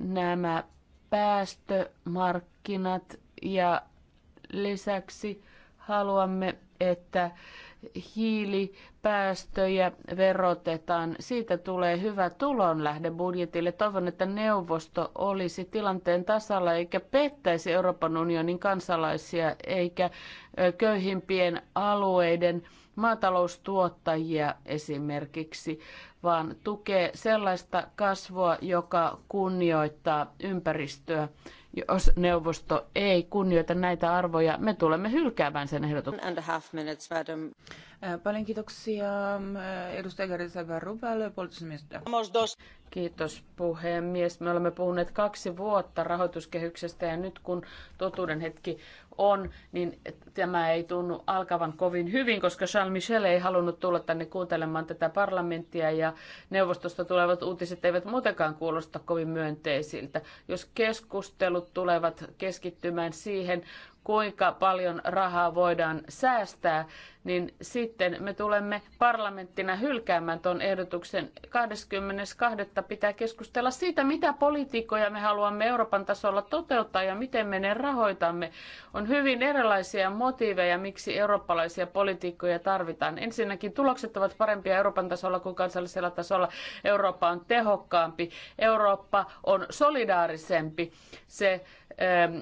nämä päästömarkkinat ja lisäksi haluamme, että hiilipäästöjä verotetaan. Siitä tulee hyvä tulonlähde budjetille. Toivon, että neuvosto olisi tilanteen tasalla eikä pettäisi Euroopan unionin kansalaisia eikä köyhimpien alueiden maataloustuottajia esimerkiksi, vaan tukee sellaista kasvua, joka kunnioittaa ympäristöä. Jos neuvosto ei kunnioita näitä arvoja, me tulemme hylkäämään sen ehdotuksen. Äh, paljon kiitoksia ähm, edustaja Garisa Ruballe, puolustusministeri. Kiitos puhemies. Me olemme puhuneet kaksi vuotta rahoituskehyksestä ja nyt kun totuuden hetki on, niin tämä ei tunnu alkavan kovin hyvin, koska Charles Michel ei halunnut tulla tänne kuuntelemaan tätä parlamenttia ja neuvostosta tulevat uutiset eivät muutenkaan kuulosta kovin myönteisiltä. Jos keskustelut tulevat keskittymään siihen, kuinka paljon rahaa voidaan säästää, niin sitten me tulemme parlamenttina hylkäämään tuon ehdotuksen. 22. pitää keskustella siitä, mitä politiikkoja me haluamme Euroopan tasolla toteuttaa ja miten me ne rahoitamme. On hyvin erilaisia motiiveja, miksi eurooppalaisia politiikkoja tarvitaan. Ensinnäkin tulokset ovat parempia Euroopan tasolla kuin kansallisella tasolla. Eurooppa on tehokkaampi, Eurooppa on solidaarisempi. Se ähm,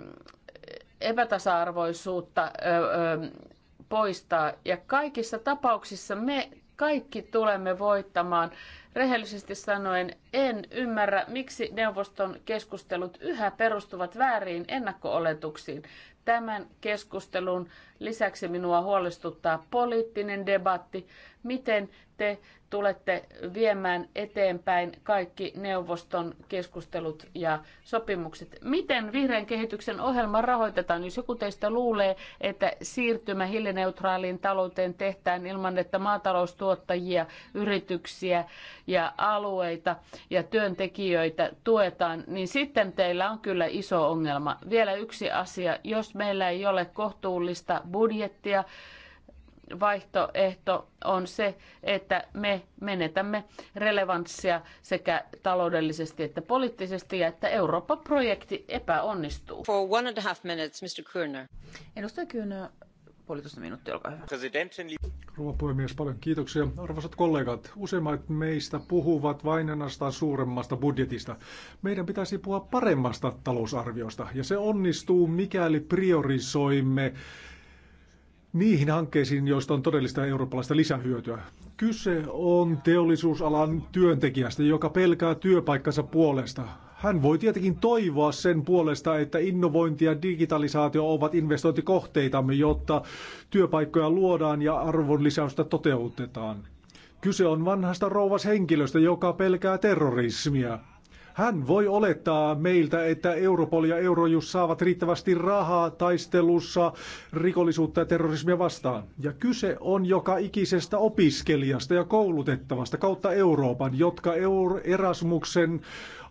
epätasa-arvoisuutta poistaa. Ja kaikissa tapauksissa me kaikki tulemme voittamaan. Rehellisesti sanoen, en ymmärrä, miksi neuvoston keskustelut yhä perustuvat vääriin ennakko-oletuksiin. Tämän keskustelun Lisäksi minua huolestuttaa poliittinen debatti. Miten te tulette viemään eteenpäin kaikki neuvoston keskustelut ja sopimukset? Miten vihreän kehityksen ohjelma rahoitetaan, jos joku teistä luulee, että siirtymä hiilineutraaliin talouteen tehtään ilman, että maataloustuottajia, yrityksiä ja alueita ja työntekijöitä tuetaan, niin sitten teillä on kyllä iso ongelma. Vielä yksi asia, jos meillä ei ole kohtuullista budjettia. Vaihtoehto on se, että me menetämme relevanssia sekä taloudellisesti että poliittisesti ja että Eurooppa-projekti epäonnistuu. For one and a half minutes, Mr. Kürner. Edustaja Kürner, puolitoista minuuttia, olkaa hyvä. Rouva puhemies, paljon kiitoksia. Arvoisat kollegat, useimmat meistä puhuvat vain ainoastaan suuremmasta budjetista. Meidän pitäisi puhua paremmasta talousarviosta, ja se onnistuu, mikäli priorisoimme niihin hankkeisiin, joista on todellista eurooppalaista lisähyötyä. Kyse on teollisuusalan työntekijästä, joka pelkää työpaikkansa puolesta. Hän voi tietenkin toivoa sen puolesta, että innovointi ja digitalisaatio ovat investointikohteitamme, jotta työpaikkoja luodaan ja arvonlisäystä toteutetaan. Kyse on vanhasta rouvas henkilöstä, joka pelkää terrorismia. Hän voi olettaa meiltä, että Europol ja Eurojus saavat riittävästi rahaa taistelussa rikollisuutta ja terrorismia vastaan. Ja kyse on joka ikisestä opiskelijasta ja koulutettavasta kautta Euroopan, jotka Euro- Erasmuksen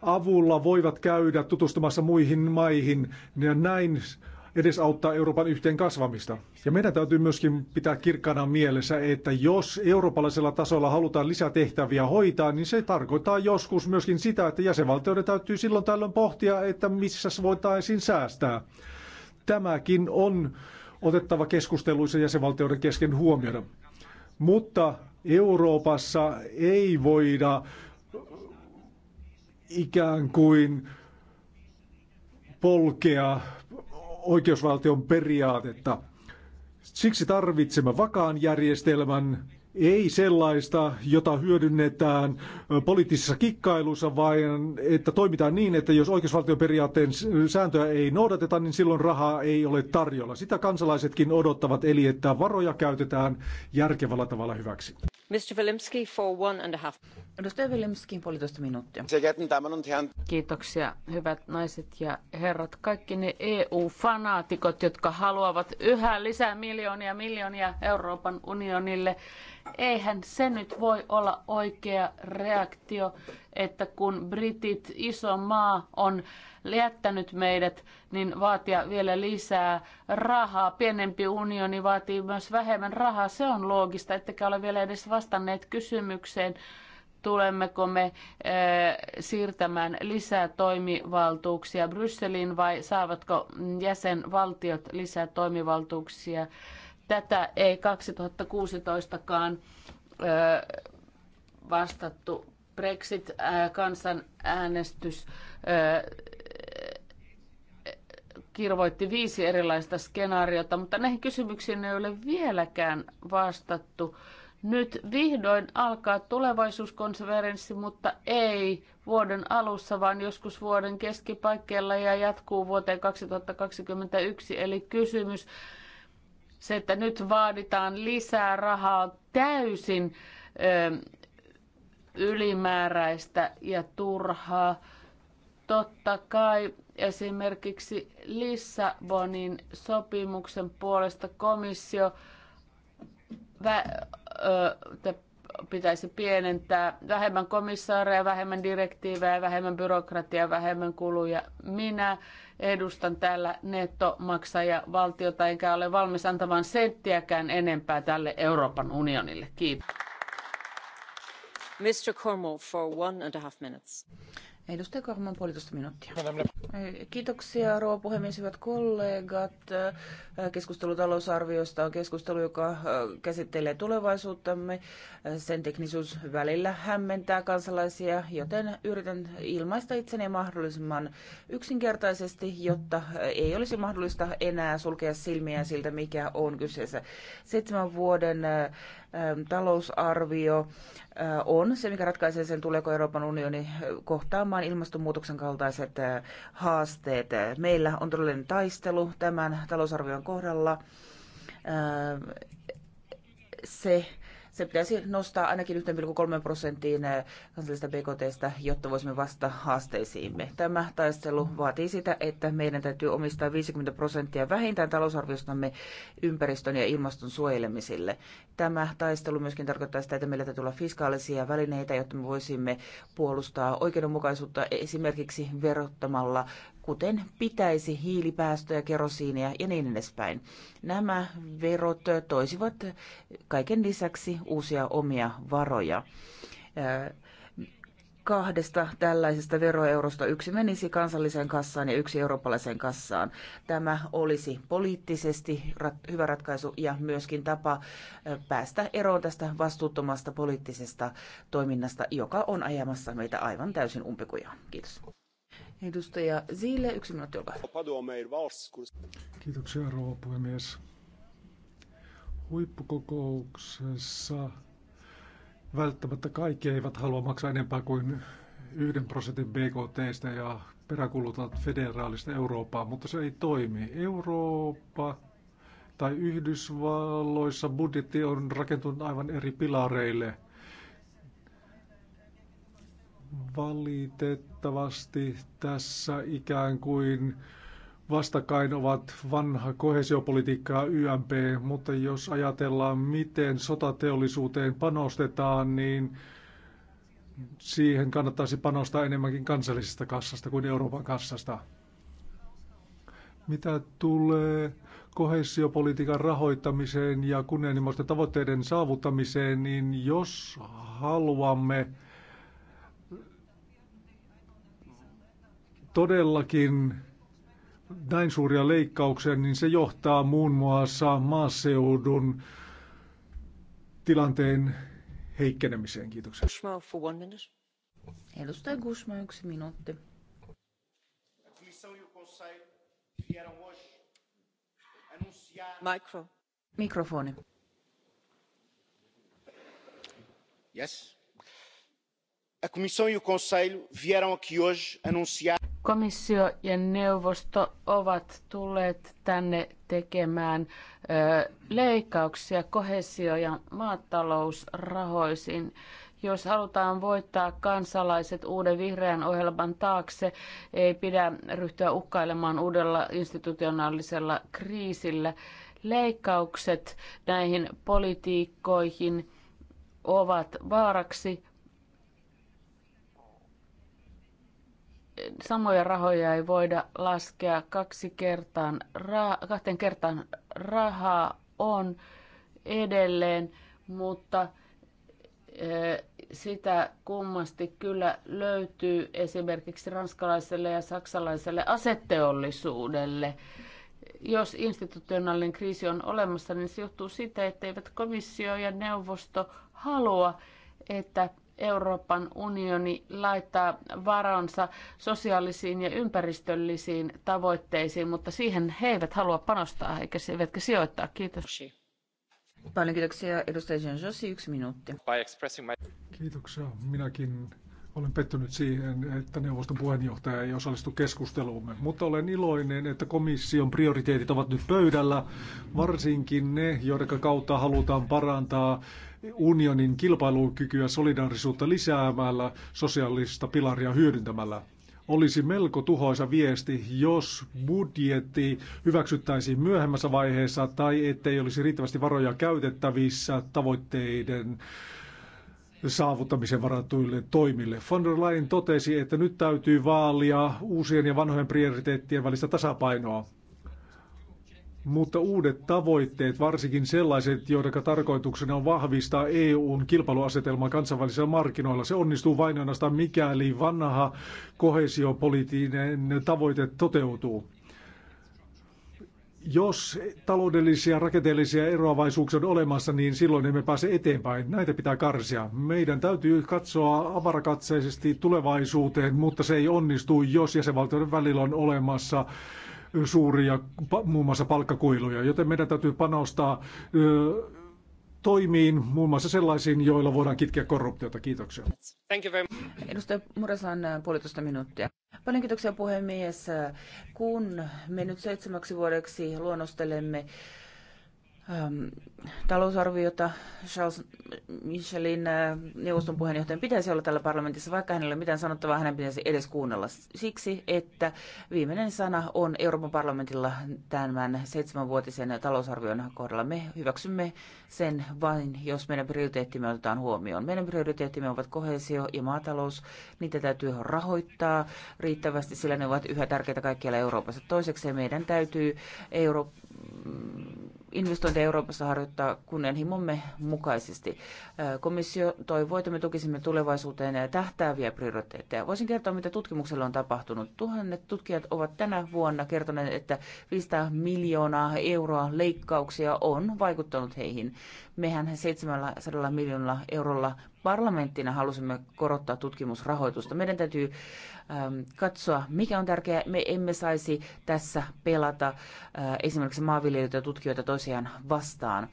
avulla voivat käydä tutustumassa muihin maihin ja näin edesauttaa Euroopan yhteen kasvamista. Ja meidän täytyy myöskin pitää kirkkana mielessä, että jos eurooppalaisella tasolla halutaan lisätehtäviä hoitaa, niin se tarkoittaa joskus myöskin sitä, että jäsenvaltioiden täytyy silloin tällöin pohtia, että missä voitaisiin säästää. Tämäkin on otettava keskusteluissa jäsenvaltioiden kesken huomioida. Mutta Euroopassa ei voida ikään kuin polkea oikeusvaltion periaatetta. Siksi tarvitsemme vakaan järjestelmän, ei sellaista, jota hyödynnetään poliittisessa kikkailussa, vaan että toimitaan niin, että jos periaatteen sääntöä ei noudateta, niin silloin rahaa ei ole tarjolla. Sitä kansalaisetkin odottavat, eli että varoja käytetään järkevällä tavalla hyväksi. Mr. for one and a half. Edustaja Viljamskin puolitoista minuuttia. Kiitoksia, hyvät naiset ja herrat. Kaikki ne EU-fanaatikot, jotka haluavat yhä lisää miljoonia miljoonia Euroopan unionille. Eihän se nyt voi olla oikea reaktio, että kun Britit, iso maa, on liettänyt meidät, niin vaatia vielä lisää rahaa. Pienempi unioni vaatii myös vähemmän rahaa. Se on loogista, ettekä ole vielä edes vastanneet kysymykseen tulemmeko me siirtämään lisää toimivaltuuksia Brysseliin vai saavatko jäsenvaltiot lisää toimivaltuuksia. Tätä ei 2016kaan vastattu Brexit-kansanäänestys kirvoitti viisi erilaista skenaariota, mutta näihin kysymyksiin ei ole vieläkään vastattu nyt vihdoin alkaa tulevaisuuskonferenssi, mutta ei vuoden alussa, vaan joskus vuoden keskipaikkeella ja jatkuu vuoteen 2021. Eli kysymys, se, että nyt vaaditaan lisää rahaa täysin ö, ähm, ylimääräistä ja turhaa. Totta kai esimerkiksi Lissabonin sopimuksen puolesta komissio että pitäisi pienentää vähemmän komissaareja, vähemmän direktiivejä, vähemmän byrokratiaa, vähemmän kuluja. Minä edustan täällä nettomaksajavaltiota, enkä ole valmis antamaan senttiäkään enempää tälle Euroopan unionille. Kiitos. Mr. Cornwall for one and a half minutes. Edustaja Karman puolitoista minuuttia. Kiitoksia, rouva puhemies, hyvät kollegat. Keskustelu talousarviosta on keskustelu, joka äh, käsittelee tulevaisuuttamme. Sen teknisuus välillä hämmentää kansalaisia, joten yritän ilmaista itseni mahdollisimman yksinkertaisesti, jotta äh, ei olisi mahdollista enää sulkea silmiä siltä, mikä on kyseessä. Seitsemän vuoden äh, talousarvio äh, on se, mikä ratkaisee sen, tuleeko Euroopan unioni äh, kohtaamaan ilmastonmuutoksen kaltaiset äh, haasteet. Meillä on todellinen taistelu tämän talousarvion kohdalla. Se se pitäisi nostaa ainakin 1,3 prosenttiin eh, kansallista BKTstä, jotta voisimme vastata haasteisiimme. Tämä taistelu vaatii sitä, että meidän täytyy omistaa 50 prosenttia vähintään talousarviostamme ympäristön ja ilmaston suojelemisille. Tämä taistelu myöskin tarkoittaa sitä, että meillä täytyy olla fiskaalisia välineitä, jotta me voisimme puolustaa oikeudenmukaisuutta esimerkiksi verottamalla kuten pitäisi hiilipäästöjä, kerosiinia ja niin edespäin. Nämä verot toisivat kaiken lisäksi uusia omia varoja. Kahdesta tällaisesta veroeurosta yksi menisi kansalliseen kassaan ja yksi eurooppalaiseen kassaan. Tämä olisi poliittisesti rat- hyvä ratkaisu ja myöskin tapa päästä eroon tästä vastuuttomasta poliittisesta toiminnasta, joka on ajamassa meitä aivan täysin umpikujaan. Kiitos. Edustaja Zille, yksi minuutti, olkaa Kiitoksia, rouva puhemies. Huippukokouksessa välttämättä kaikki eivät halua maksaa enempää kuin yhden prosentin BKTstä ja peräkulutat federaalista Eurooppaa, mutta se ei toimi. Eurooppa tai Yhdysvalloissa budjetti on rakentunut aivan eri pilareille – Valitettavasti tässä ikään kuin vastakkain ovat vanha kohesiopolitiikka ja YMP, mutta jos ajatellaan, miten sotateollisuuteen panostetaan, niin siihen kannattaisi panostaa enemmänkin kansallisesta kassasta kuin Euroopan kassasta. Mitä tulee kohesiopolitiikan rahoittamiseen ja kunnianhimoisten tavoitteiden saavuttamiseen, niin jos haluamme todellakin näin suuria leikkauksia, niin se johtaa muun muassa maaseudun tilanteen heikkenemiseen. Kiitoksia. Edustaja Gushma, yksi minuutti. Mikro. Mikrofoni. Yes. E Komissio ja neuvosto ovat tulleet tänne tekemään leikkauksia kohesio- ja maatalousrahoisiin. Jos halutaan voittaa kansalaiset uuden vihreän ohjelman taakse, ei pidä ryhtyä uhkailemaan uudella institutionaalisella kriisillä. Leikkaukset näihin politiikkoihin ovat vaaraksi samoja rahoja ei voida laskea kaksi kertaan, ra- kahteen kertaan rahaa on edelleen, mutta sitä kummasti kyllä löytyy esimerkiksi ranskalaiselle ja saksalaiselle asetteollisuudelle. Jos institutionaalinen kriisi on olemassa, niin se johtuu siitä, että eivät komissio ja neuvosto halua, että Euroopan unioni laittaa varansa sosiaalisiin ja ympäristöllisiin tavoitteisiin, mutta siihen he eivät halua panostaa eikä se eivätkä sijoittaa. Kiitos. Paljon kiitoksia edustaja Jean Jossi, yksi minuutti. Kiitoksia. Minäkin olen pettynyt siihen, että neuvoston puheenjohtaja ei osallistu keskusteluumme, mutta olen iloinen, että komission prioriteetit ovat nyt pöydällä, varsinkin ne, joiden kautta halutaan parantaa unionin kilpailukykyä solidaarisuutta lisäämällä, sosiaalista pilaria hyödyntämällä. Olisi melko tuhoisa viesti, jos budjetti hyväksyttäisiin myöhemmässä vaiheessa tai ettei olisi riittävästi varoja käytettävissä tavoitteiden saavuttamisen varatuille toimille. Von der Leyen totesi, että nyt täytyy vaalia uusien ja vanhojen prioriteettien välistä tasapainoa. Mutta uudet tavoitteet, varsinkin sellaiset, joiden tarkoituksena on vahvistaa EUn kilpailuasetelmaa kansainvälisillä markkinoilla, se onnistuu vain ainoastaan mikäli vanha kohesiopoliittinen tavoite toteutuu. Jos taloudellisia rakenteellisia eroavaisuuksia on olemassa, niin silloin emme pääse eteenpäin. Näitä pitää karsia. Meidän täytyy katsoa avarakatseisesti tulevaisuuteen, mutta se ei onnistu, jos jäsenvaltioiden välillä on olemassa suuria muun muassa palkkakuiluja, joten meidän täytyy panostaa toimiin, muun muassa sellaisiin, joilla voidaan kitkeä korruptiota. Kiitoksia. Thank you very much. Edustaja Muresan puolitoista minuuttia. Paljon kiitoksia puhemies. Kun me nyt seitsemäksi vuodeksi luonnostelemme Ähm, talousarviota Charles Michelin äh, neuvoston puheenjohtajan pitäisi olla tällä parlamentissa, vaikka hänellä ei ole mitään sanottavaa, hänen pitäisi edes kuunnella siksi, että viimeinen sana on Euroopan parlamentilla tämän seitsemänvuotisen talousarvion kohdalla. Me hyväksymme sen vain, jos meidän prioriteettimme otetaan huomioon. Meidän prioriteettimme ovat kohesio ja maatalous. Niitä täytyy rahoittaa riittävästi, sillä ne ovat yhä tärkeitä kaikkialla Euroopassa. Toiseksi meidän täytyy Euroopan investointeja Euroopassa harjoittaa kunnianhimomme mukaisesti. Komissio toivoo, että me tukisimme tulevaisuuteen tähtääviä prioriteetteja. Voisin kertoa, mitä tutkimuksella on tapahtunut. Tuhannet tutkijat ovat tänä vuonna kertoneet, että 500 miljoonaa euroa leikkauksia on vaikuttanut heihin. Mehän 700 miljoonalla eurolla parlamenttina halusimme korottaa tutkimusrahoitusta. Meidän täytyy ähm, katsoa, mikä on tärkeää. Me emme saisi tässä pelata äh, esimerkiksi maanviljelijöitä ja tutkijoita toisiaan vastaan.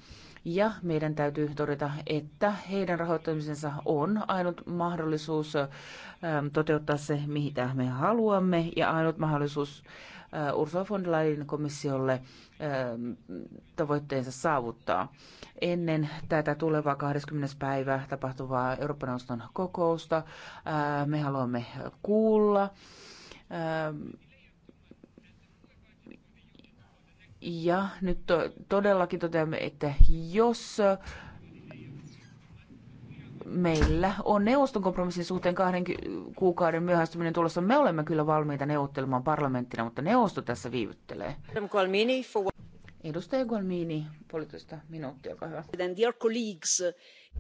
Ja meidän täytyy todeta, että heidän rahoittamisensa on ainut mahdollisuus ähm, toteuttaa se, mitä me haluamme, ja ainut mahdollisuus äh, Äh, Ursula von der Leyen komissiolle äh, tavoitteensa saavuttaa. Ennen tätä tulevaa 20. päivä tapahtuvaa Euroopan neuvoston kokousta äh, me haluamme kuulla ja nyt todellakin toteamme, että jos meillä on neuvoston kompromissin suhteen kahden kuukauden myöhästyminen tulossa. Me olemme kyllä valmiita neuvottelemaan parlamenttina, mutta neuvosto tässä viivyttelee. Edustaja Gualmini, puolitoista minuuttia, olkaa hyvä.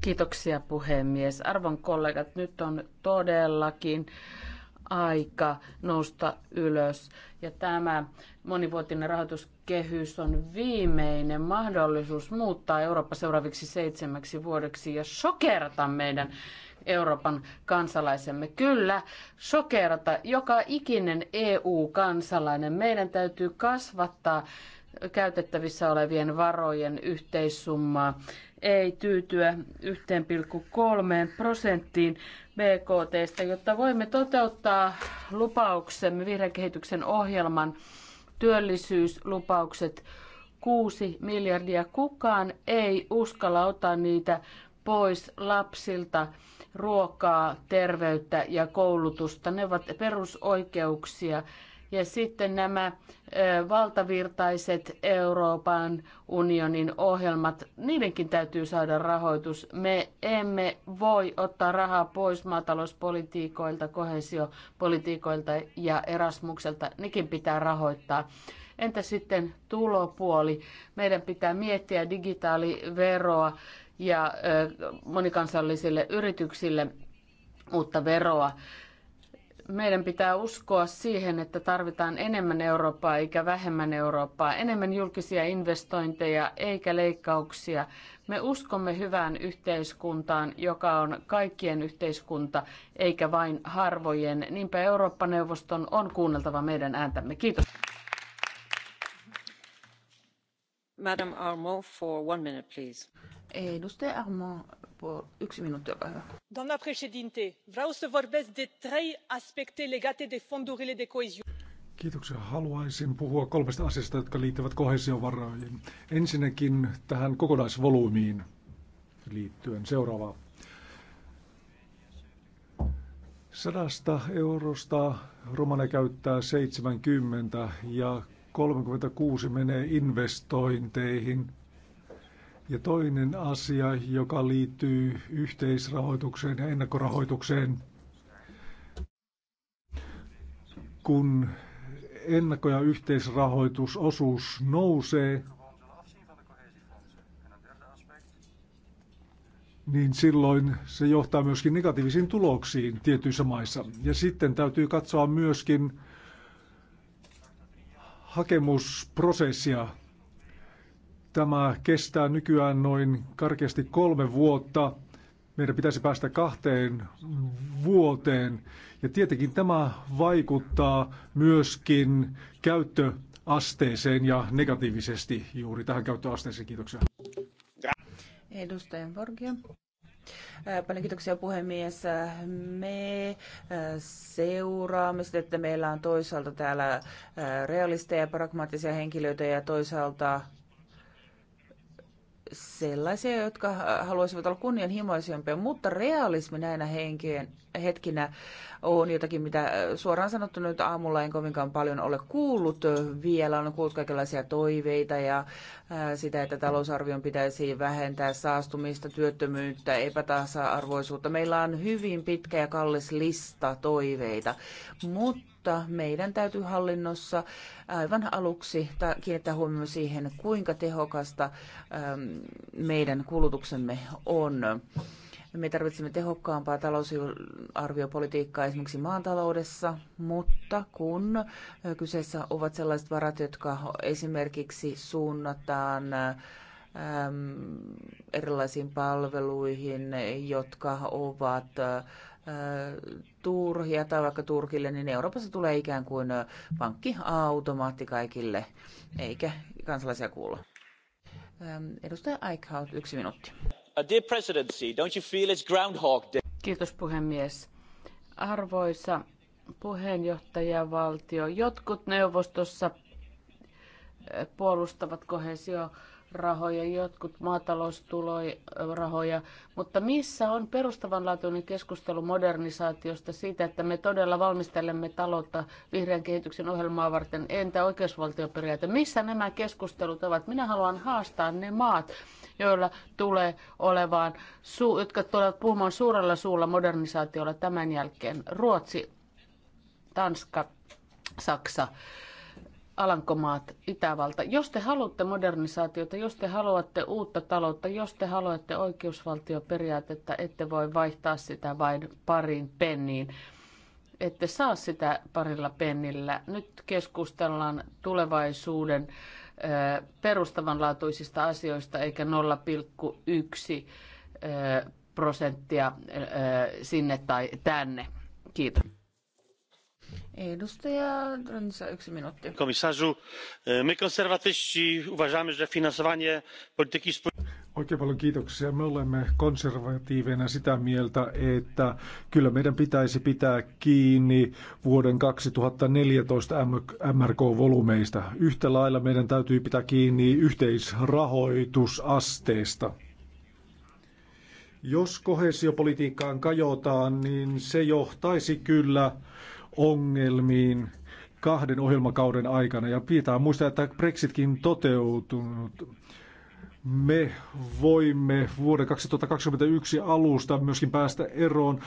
Kiitoksia puhemies. Arvon kollegat, nyt on todellakin aika nousta ylös. Ja tämä monivuotinen rahoitus kehys on viimeinen mahdollisuus muuttaa Eurooppa seuraaviksi seitsemäksi vuodeksi ja sokerata meidän Euroopan kansalaisemme. Kyllä, sokerata joka ikinen EU-kansalainen. Meidän täytyy kasvattaa käytettävissä olevien varojen yhteissummaa. Ei tyytyä 1,3 prosenttiin BKTstä, jotta voimme toteuttaa lupauksemme vihreän kehityksen ohjelman työllisyyslupaukset 6 miljardia. Kukaan ei uskalla ottaa niitä pois lapsilta ruokaa, terveyttä ja koulutusta. Ne ovat perusoikeuksia. Ja sitten nämä valtavirtaiset Euroopan unionin ohjelmat, niidenkin täytyy saada rahoitus. Me emme voi ottaa rahaa pois maatalouspolitiikoilta, kohesiopolitiikoilta ja Erasmukselta. Nekin pitää rahoittaa. Entä sitten tulopuoli? Meidän pitää miettiä digitaaliveroa ja monikansallisille yrityksille uutta veroa meidän pitää uskoa siihen, että tarvitaan enemmän Eurooppaa eikä vähemmän Eurooppaa, enemmän julkisia investointeja eikä leikkauksia. Me uskomme hyvään yhteiskuntaan, joka on kaikkien yhteiskunta eikä vain harvojen. Niinpä Eurooppa-neuvoston on kuunneltava meidän ääntämme. Kiitos. Madam Armo, for one minute, please. Edustaja Armo, yksi minuutti, olkaa hyvä. Doamna președinte, vreau să vorbesc de trei aspecte legate de fondurile de coeziune. Kiitoksia. Haluaisin puhua kolmesta asiasta, jotka liittyvät kohesiovaroihin. Ensinnäkin tähän kokonaisvolyymiin liittyen seuraava. Sadasta eurosta Romane käyttää 70 ja 36 menee investointeihin – ja toinen asia, joka liittyy yhteisrahoitukseen ja ennakkorahoitukseen, kun ennakko- ja yhteisrahoitusosuus nousee, niin silloin se johtaa myöskin negatiivisiin tuloksiin tietyissä maissa. Ja sitten täytyy katsoa myöskin hakemusprosessia Tämä kestää nykyään noin karkeasti kolme vuotta. Meidän pitäisi päästä kahteen vuoteen. Ja tietenkin tämä vaikuttaa myöskin käyttöasteeseen ja negatiivisesti juuri tähän käyttöasteeseen. Kiitoksia. Edustaja Borgia. Paljon kiitoksia puhemies. Me seuraamme sitä, että meillä on toisaalta täällä realisteja ja pragmaattisia henkilöitä ja toisaalta sellaisia, jotka haluaisivat olla kunnianhimoisempia, mutta realismi näinä henkien, hetkinä on jotakin, mitä suoraan sanottuna nyt aamulla en kovinkaan paljon ole kuullut vielä. On kuullut kaikenlaisia toiveita ja sitä, että talousarvion pitäisi vähentää saastumista, työttömyyttä, epätasa-arvoisuutta. Meillä on hyvin pitkä ja kallis lista toiveita, mutta mutta meidän täytyy hallinnossa aivan aluksi kiinnittää huomioon siihen, kuinka tehokasta ähm, meidän kulutuksemme on. Me tarvitsemme tehokkaampaa talousarviopolitiikkaa esimerkiksi maantaloudessa, mutta kun äh, kyseessä ovat sellaiset varat, jotka esimerkiksi suunnataan ähm, erilaisiin palveluihin, jotka ovat äh, Turhia tai vaikka Turkille, niin Euroopassa tulee ikään kuin pankkiautomaatti kaikille, eikä kansalaisia kuulla. Edustaja Eichhout, yksi minuutti. Uh, dear presidency, don't you feel it's Groundhog Day? Kiitos puhemies. Arvoisa puheenjohtajavaltio, jotkut neuvostossa puolustavat kohesio rahoja, jotkut maataloustulorahoja, mutta missä on perustavanlaatuinen keskustelu modernisaatiosta siitä, että me todella valmistelemme taloutta vihreän kehityksen ohjelmaa varten, entä oikeusvaltioperiaate? Missä nämä keskustelut ovat? Minä haluan haastaa ne maat, joilla tulee olevaan, jotka tulevat puhumaan suurella suulla modernisaatiolla tämän jälkeen. Ruotsi, Tanska, Saksa. Alankomaat, Itävalta. Jos te haluatte modernisaatiota, jos te haluatte uutta taloutta, jos te haluatte oikeusvaltioperiaatetta, ette voi vaihtaa sitä vain pariin penniin. Ette saa sitä parilla pennillä. Nyt keskustellaan tulevaisuuden perustavanlaatuisista asioista eikä 0,1 prosenttia sinne tai tänne. Kiitos. Edustaja yksi minuutti. me konservatyści uważamy, że finansowanie polityki... Oikein paljon kiitoksia. Me olemme konservatiiveina sitä mieltä, että kyllä meidän pitäisi pitää kiinni vuoden 2014 MRK-volumeista. Yhtä lailla meidän täytyy pitää kiinni yhteisrahoitusasteesta. Jos kohesiopolitiikkaan kajotaan, niin se johtaisi kyllä ongelmiin kahden ohjelmakauden aikana. Ja pitää muistaa, että Brexitkin toteutunut. Me voimme vuoden 2021 alusta myöskin päästä eroon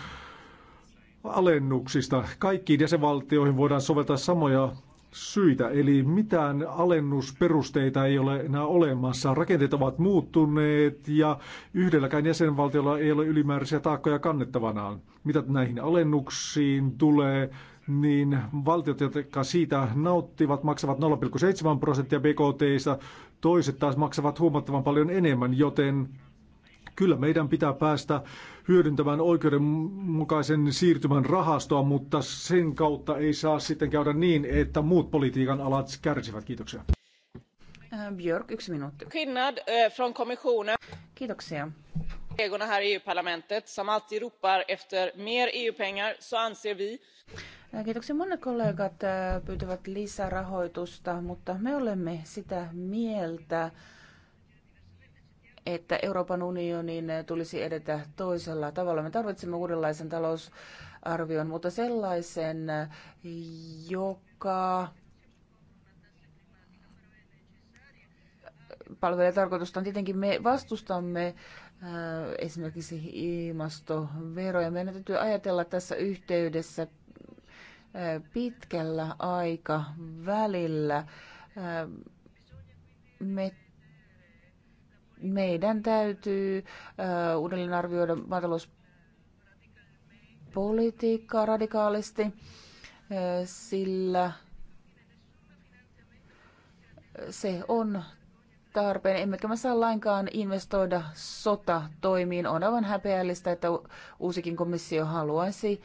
alennuksista. Kaikkiin jäsenvaltioihin voidaan soveltaa samoja syitä, eli mitään alennusperusteita ei ole enää olemassa. Rakenteet ovat muuttuneet ja yhdelläkään jäsenvaltiolla ei ole ylimääräisiä taakkoja kannettavanaan. Mitä näihin alennuksiin tulee, niin valtiot, jotka siitä nauttivat, maksavat 0,7 prosenttia BKTista, toiset taas maksavat huomattavan paljon enemmän, joten kyllä meidän pitää päästä hyödyntämään oikeudenmukaisen siirtymän rahastoa, mutta sen kautta ei saa sitten käydä niin, että muut politiikan alat kärsivät. Kiitoksia. Äh, Björk, yksi minuutti. Äh, Kiitoksia. Kiitoksia. Monet kollegat äh, pyytävät lisärahoitusta, mutta me olemme sitä mieltä, että Euroopan unionin tulisi edetä toisella tavalla. Me tarvitsemme uudenlaisen talousarvion, mutta sellaisen, joka palvelee tarkoitustaan. Tietenkin me vastustamme Äh, esimerkiksi ilmastoveroja. Meidän täytyy ajatella tässä yhteydessä äh, pitkällä aikavälillä. Äh, me, meidän täytyy uudelleen arvioida maatalouspolitiikkaa radikaalisti, sillä se on tarpeen, emmekä me saa lainkaan investoida sotatoimiin. On aivan häpeällistä, että uusikin komissio haluaisi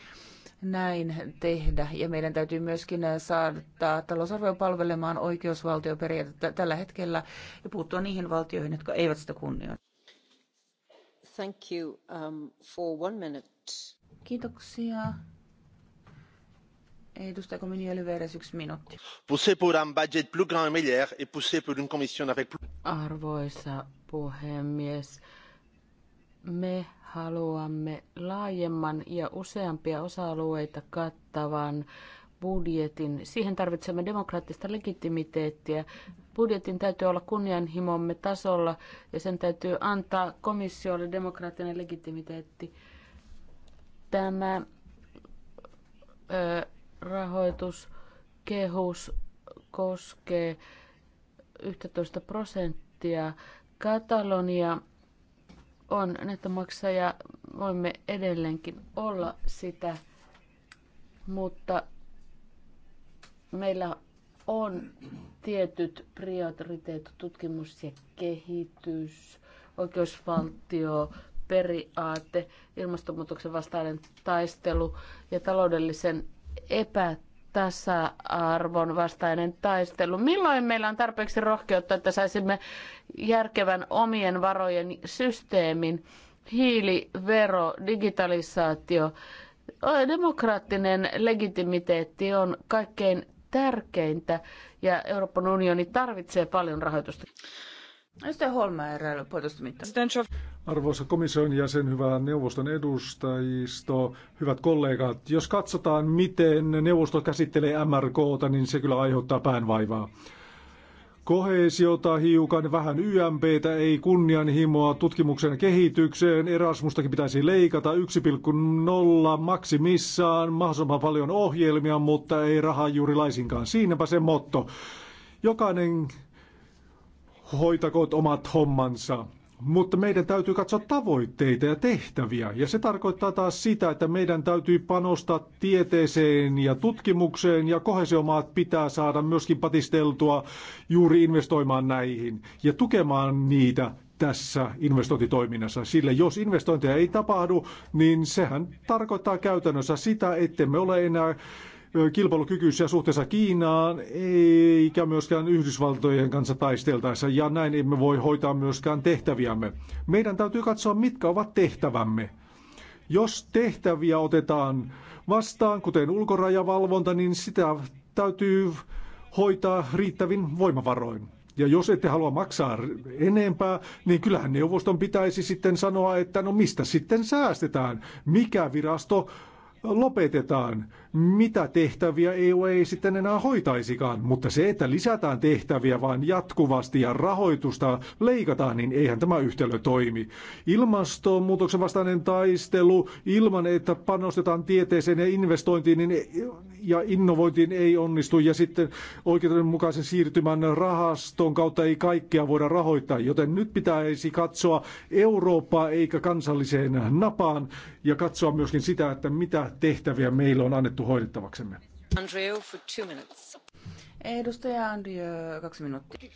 näin tehdä. Ja meidän täytyy myöskin saada talousarvio palvelemaan oikeusvaltioperiaatetta tällä hetkellä ja puuttua niihin valtioihin, jotka eivät sitä kunnioita. Thank you, um, for one minute. Kiitoksia. Edustaja Komini Oliveres, yksi minuutti. Arvoisa puhemies, me haluamme laajemman ja useampia osa-alueita kattavan budjetin. Siihen tarvitsemme demokraattista legitimiteettiä. Budjetin täytyy olla kunnianhimomme tasolla ja sen täytyy antaa komissiolle demokraattinen legitimiteetti. Tämä rahoituskehus koskee 11 prosenttia. Katalonia on nettomaksaja, voimme edelleenkin olla sitä, mutta meillä on tietyt prioriteetit, tutkimus ja kehitys, oikeusvaltio, periaate, ilmastonmuutoksen vastainen taistelu ja taloudellisen epätasa-arvon vastainen taistelu. Milloin meillä on tarpeeksi rohkeutta, että saisimme järkevän omien varojen systeemin, hiilivero, digitalisaatio, demokraattinen legitimiteetti on kaikkein tärkeintä ja Euroopan unioni tarvitsee paljon rahoitusta puolitoista Arvoisa komission jäsen, hyvä neuvoston edustajisto, hyvät kollegat. Jos katsotaan, miten neuvosto käsittelee MRKta, niin se kyllä aiheuttaa päänvaivaa. Kohesiota hiukan, vähän YMPtä, ei kunnianhimoa tutkimuksen ja kehitykseen, Erasmustakin pitäisi leikata 1,0 maksimissaan, mahdollisimman paljon ohjelmia, mutta ei rahaa juuri laisinkaan. Siinäpä se motto. Jokainen hoitakoot omat hommansa. Mutta meidän täytyy katsoa tavoitteita ja tehtäviä. Ja se tarkoittaa taas sitä, että meidän täytyy panostaa tieteeseen ja tutkimukseen ja kohesiomaat pitää saada myöskin patisteltua juuri investoimaan näihin ja tukemaan niitä tässä investointitoiminnassa. Sillä jos investointeja ei tapahdu, niin sehän tarkoittaa käytännössä sitä, että me ole enää kilpailukykyisiä suhteessa Kiinaan, eikä myöskään Yhdysvaltojen kanssa taisteltaessa, ja näin emme voi hoitaa myöskään tehtäviämme. Meidän täytyy katsoa, mitkä ovat tehtävämme. Jos tehtäviä otetaan vastaan, kuten ulkorajavalvonta, niin sitä täytyy hoitaa riittävin voimavaroin. Ja jos ette halua maksaa enempää, niin kyllähän neuvoston pitäisi sitten sanoa, että no mistä sitten säästetään, mikä virasto lopetetaan. Mitä tehtäviä EU ei sitten enää hoitaisikaan, mutta se, että lisätään tehtäviä vaan jatkuvasti ja rahoitusta leikataan, niin eihän tämä yhtälö toimi. Ilmastonmuutoksen vastainen taistelu ilman, että panostetaan tieteeseen ja investointiin niin e- ja innovointiin ei onnistu ja sitten oikeudenmukaisen siirtymän rahaston kautta ei kaikkea voida rahoittaa, joten nyt pitäisi katsoa Eurooppaa eikä kansalliseen napaan ja katsoa myöskin sitä, että mitä tehtäviä meille on annettu hoidettavaksemme. for two minutes. Edustaja Andriö, kaksi minuuttia.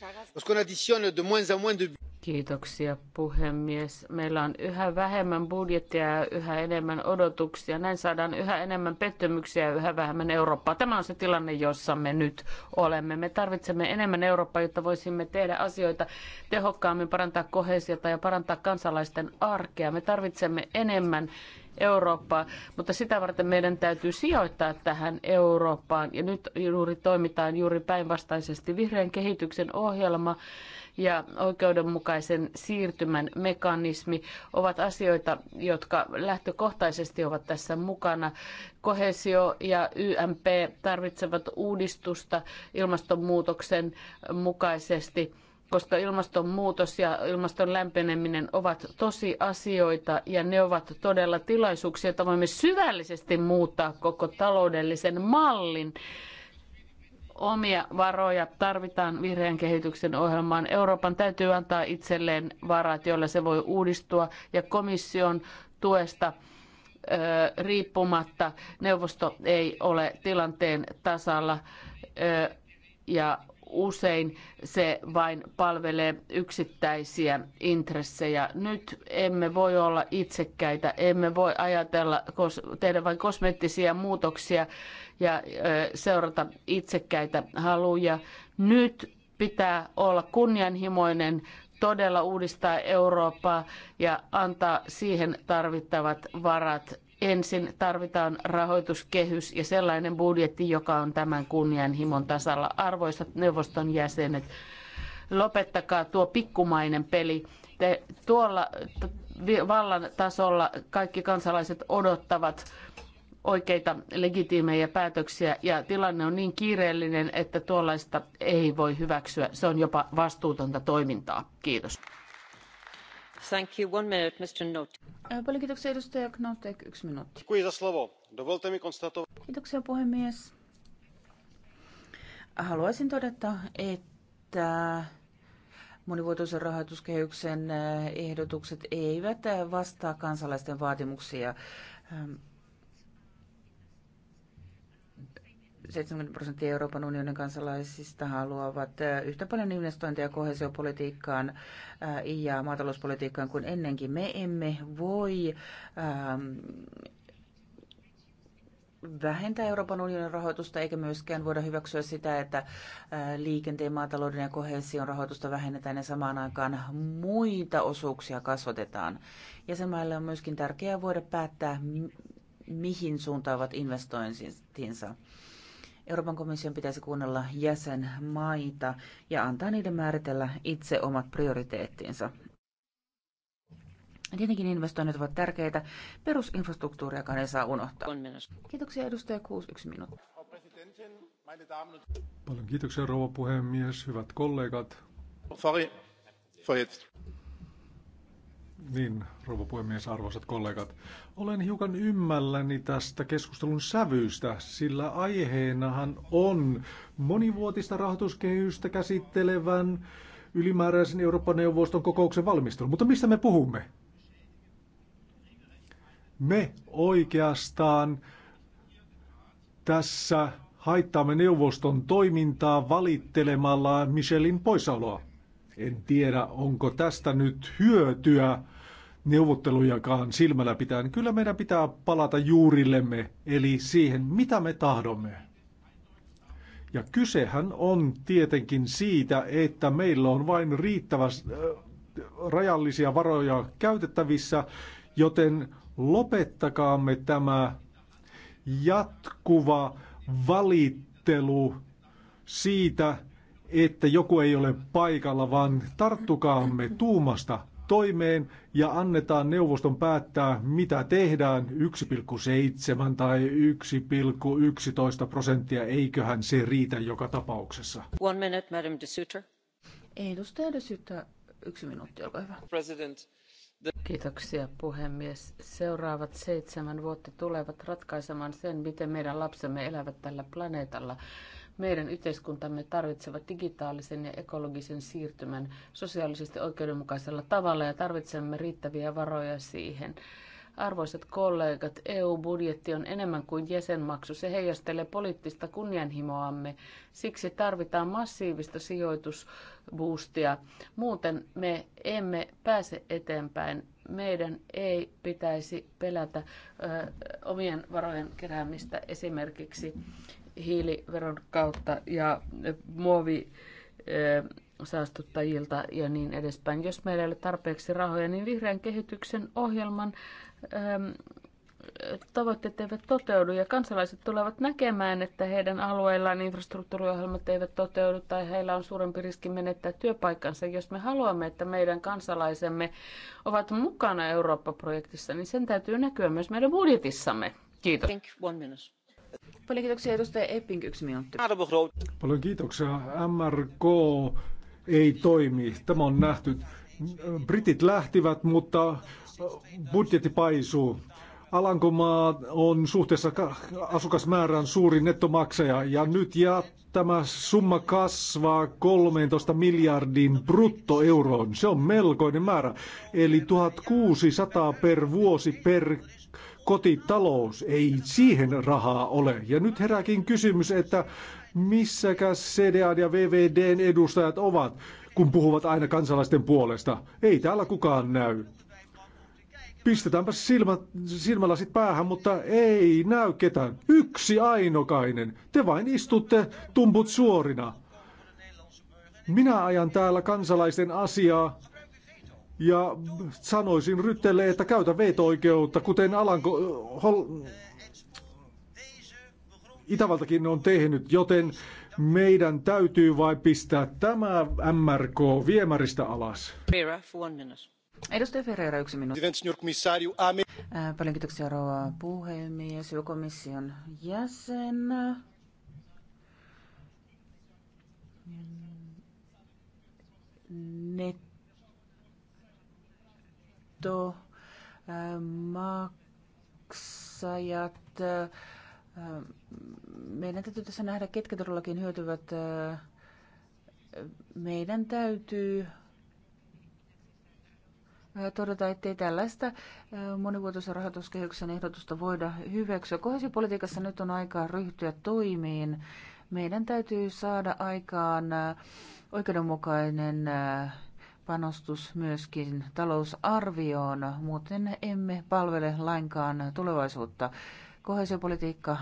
Kiitoksia puhemies. Meillä on yhä vähemmän budjettia ja yhä enemmän odotuksia. Näin saadaan yhä enemmän pettymyksiä ja yhä vähemmän Eurooppaa. Tämä on se tilanne, jossa me nyt olemme. Me tarvitsemme enemmän Eurooppaa, jotta voisimme tehdä asioita tehokkaammin, parantaa kohesiota ja parantaa kansalaisten arkea. Me tarvitsemme enemmän Eurooppaa, mutta sitä varten meidän täytyy sijoittaa tähän Eurooppaan. Ja nyt juuri toimitaan juuri päinvastaisesti vihreän kehityksen ohjelma ja oikeudenmukaisen siirtymän mekanismi ovat asioita, jotka lähtökohtaisesti ovat tässä mukana. Kohesio ja YMP tarvitsevat uudistusta ilmastonmuutoksen mukaisesti – koska ilmastonmuutos ja ilmaston lämpeneminen ovat tosi asioita ja ne ovat todella tilaisuuksia, joita voimme syvällisesti muuttaa koko taloudellisen mallin. Omia varoja tarvitaan vihreän kehityksen ohjelmaan. Euroopan täytyy antaa itselleen varat, joilla se voi uudistua ja komission tuesta riippumatta neuvosto ei ole tilanteen tasalla ja usein se vain palvelee yksittäisiä intressejä. Nyt emme voi olla itsekkäitä, emme voi ajatella, tehdä vain kosmeettisia muutoksia ja seurata itsekkäitä haluja. Nyt pitää olla kunnianhimoinen, todella uudistaa Eurooppaa ja antaa siihen tarvittavat varat ensin tarvitaan rahoituskehys ja sellainen budjetti, joka on tämän kunnianhimon tasalla. Arvoisat neuvoston jäsenet, lopettakaa tuo pikkumainen peli. Te, tuolla vallan tasolla kaikki kansalaiset odottavat oikeita legitiimejä päätöksiä ja tilanne on niin kiireellinen, että tuollaista ei voi hyväksyä. Se on jopa vastuutonta toimintaa. Kiitos. Thank Yksi minuutti. Kiitoksia puhemies. Haluaisin todeta, että monivuotoisen rahoituskehyksen ehdotukset eivät vastaa kansalaisten vaatimuksia. 70 prosenttia Euroopan unionin kansalaisista haluavat yhtä paljon investointeja kohesiopolitiikkaan ja maatalouspolitiikkaan kuin ennenkin. Me emme voi ähm, vähentää Euroopan unionin rahoitusta, eikä myöskään voida hyväksyä sitä, että liikenteen, maatalouden ja kohesion rahoitusta vähennetään ja samaan aikaan muita osuuksia kasvatetaan. Jäsenmaille on myöskin tärkeää voida päättää, mihin suuntaavat investointinsa. Euroopan komission pitäisi kuunnella jäsenmaita ja antaa niiden määritellä itse omat prioriteettinsa. Tietenkin investoinnit ovat tärkeitä. Perusinfrastruktuuriakaan ei saa unohtaa. Kiitoksia edustaja Kuus, yksi minuutti. Paljon kiitoksia rouva puhemies, hyvät kollegat. Sorry, for jetzt. Niin, rouva puhemies, arvoisat kollegat. Olen hiukan ymmälläni tästä keskustelun sävyystä, sillä aiheenahan on monivuotista rahoituskehystä käsittelevän ylimääräisen Euroopan neuvoston kokouksen valmistelu. Mutta mistä me puhumme? Me oikeastaan tässä haittaamme neuvoston toimintaa valittelemalla Michelin poissaoloa. En tiedä, onko tästä nyt hyötyä neuvottelujakaan silmällä pitäen. Kyllä meidän pitää palata juurillemme, eli siihen, mitä me tahdomme. Ja kysehän on tietenkin siitä, että meillä on vain riittävästi äh, rajallisia varoja käytettävissä, joten lopettakaamme tämä jatkuva valittelu siitä, että joku ei ole paikalla, vaan tarttukaamme tuumasta toimeen ja annetaan neuvoston päättää, mitä tehdään 1,7 tai 1,11 prosenttia. Eiköhän se riitä joka tapauksessa. One minute, Madam de Sutter. Edustaja de Sutter, yksi minuutti, olkaa hyvä. President. Kiitoksia puhemies. Seuraavat seitsemän vuotta tulevat ratkaisemaan sen, miten meidän lapsemme elävät tällä planeetalla. Meidän yhteiskuntamme tarvitsevat digitaalisen ja ekologisen siirtymän sosiaalisesti oikeudenmukaisella tavalla ja tarvitsemme riittäviä varoja siihen. Arvoisat kollegat, EU-budjetti on enemmän kuin jäsenmaksu. Se heijastelee poliittista kunnianhimoamme. Siksi tarvitaan massiivista sijoitusboostia. Muuten me emme pääse eteenpäin. Meidän ei pitäisi pelätä ö, omien varojen keräämistä esimerkiksi hiiliveron kautta ja e, muovi e, saastuttajilta ja niin edespäin. Jos meillä ei ole tarpeeksi rahoja, niin vihreän kehityksen ohjelman e, tavoitteet eivät toteudu ja kansalaiset tulevat näkemään, että heidän alueillaan infrastruktuuriohjelmat eivät toteudu tai heillä on suurempi riski menettää työpaikkansa. Jos me haluamme, että meidän kansalaisemme ovat mukana Eurooppa-projektissa, niin sen täytyy näkyä myös meidän budjetissamme. Kiitos. Think one minute. Paljon kiitoksia edustaja Eppink, yksi minuutti. Paljon kiitoksia. MRK ei toimi. Tämä on nähty. Britit lähtivät, mutta äh, budjetti paisuu. Alankomaa on suhteessa asukasmäärän suuri nettomaksaja ja nyt ja tämä summa kasvaa 13 miljardin bruttoeuroon. Se on melkoinen määrä, eli 1600 per vuosi per kotitalous, ei siihen rahaa ole. Ja nyt herääkin kysymys, että missäkäs CDA ja VVDn edustajat ovat, kun puhuvat aina kansalaisten puolesta. Ei täällä kukaan näy. Pistetäänpä silmä, silmälasit päähän, mutta ei näy ketään. Yksi ainokainen. Te vain istutte tumput suorina. Minä ajan täällä kansalaisten asiaa ja sanoisin Ryttelle, että käytä veto-oikeutta, kuten Alanko, Hol, Itävaltakin on tehnyt, joten meidän täytyy vain pistää tämä MRK viemäristä alas. Edustaja Ferreira, yksi minuutti. Paljon kiitoksia, rouva puhemies, komission jäsen. Net netto eh, maksajat. Eh, meidän täytyy tässä nähdä, ketkä todellakin hyötyvät. Eh, meidän täytyy todeta, ettei tällaista monivuotoisen rahoituskehyksen ehdotusta voida hyväksyä. Kohesiopolitiikassa nyt on aikaa ryhtyä toimiin. Meidän täytyy saada aikaan oikeudenmukainen panostus myöskin talousarvioon, muuten emme palvele lainkaan tulevaisuutta. Kohesiopolitiikka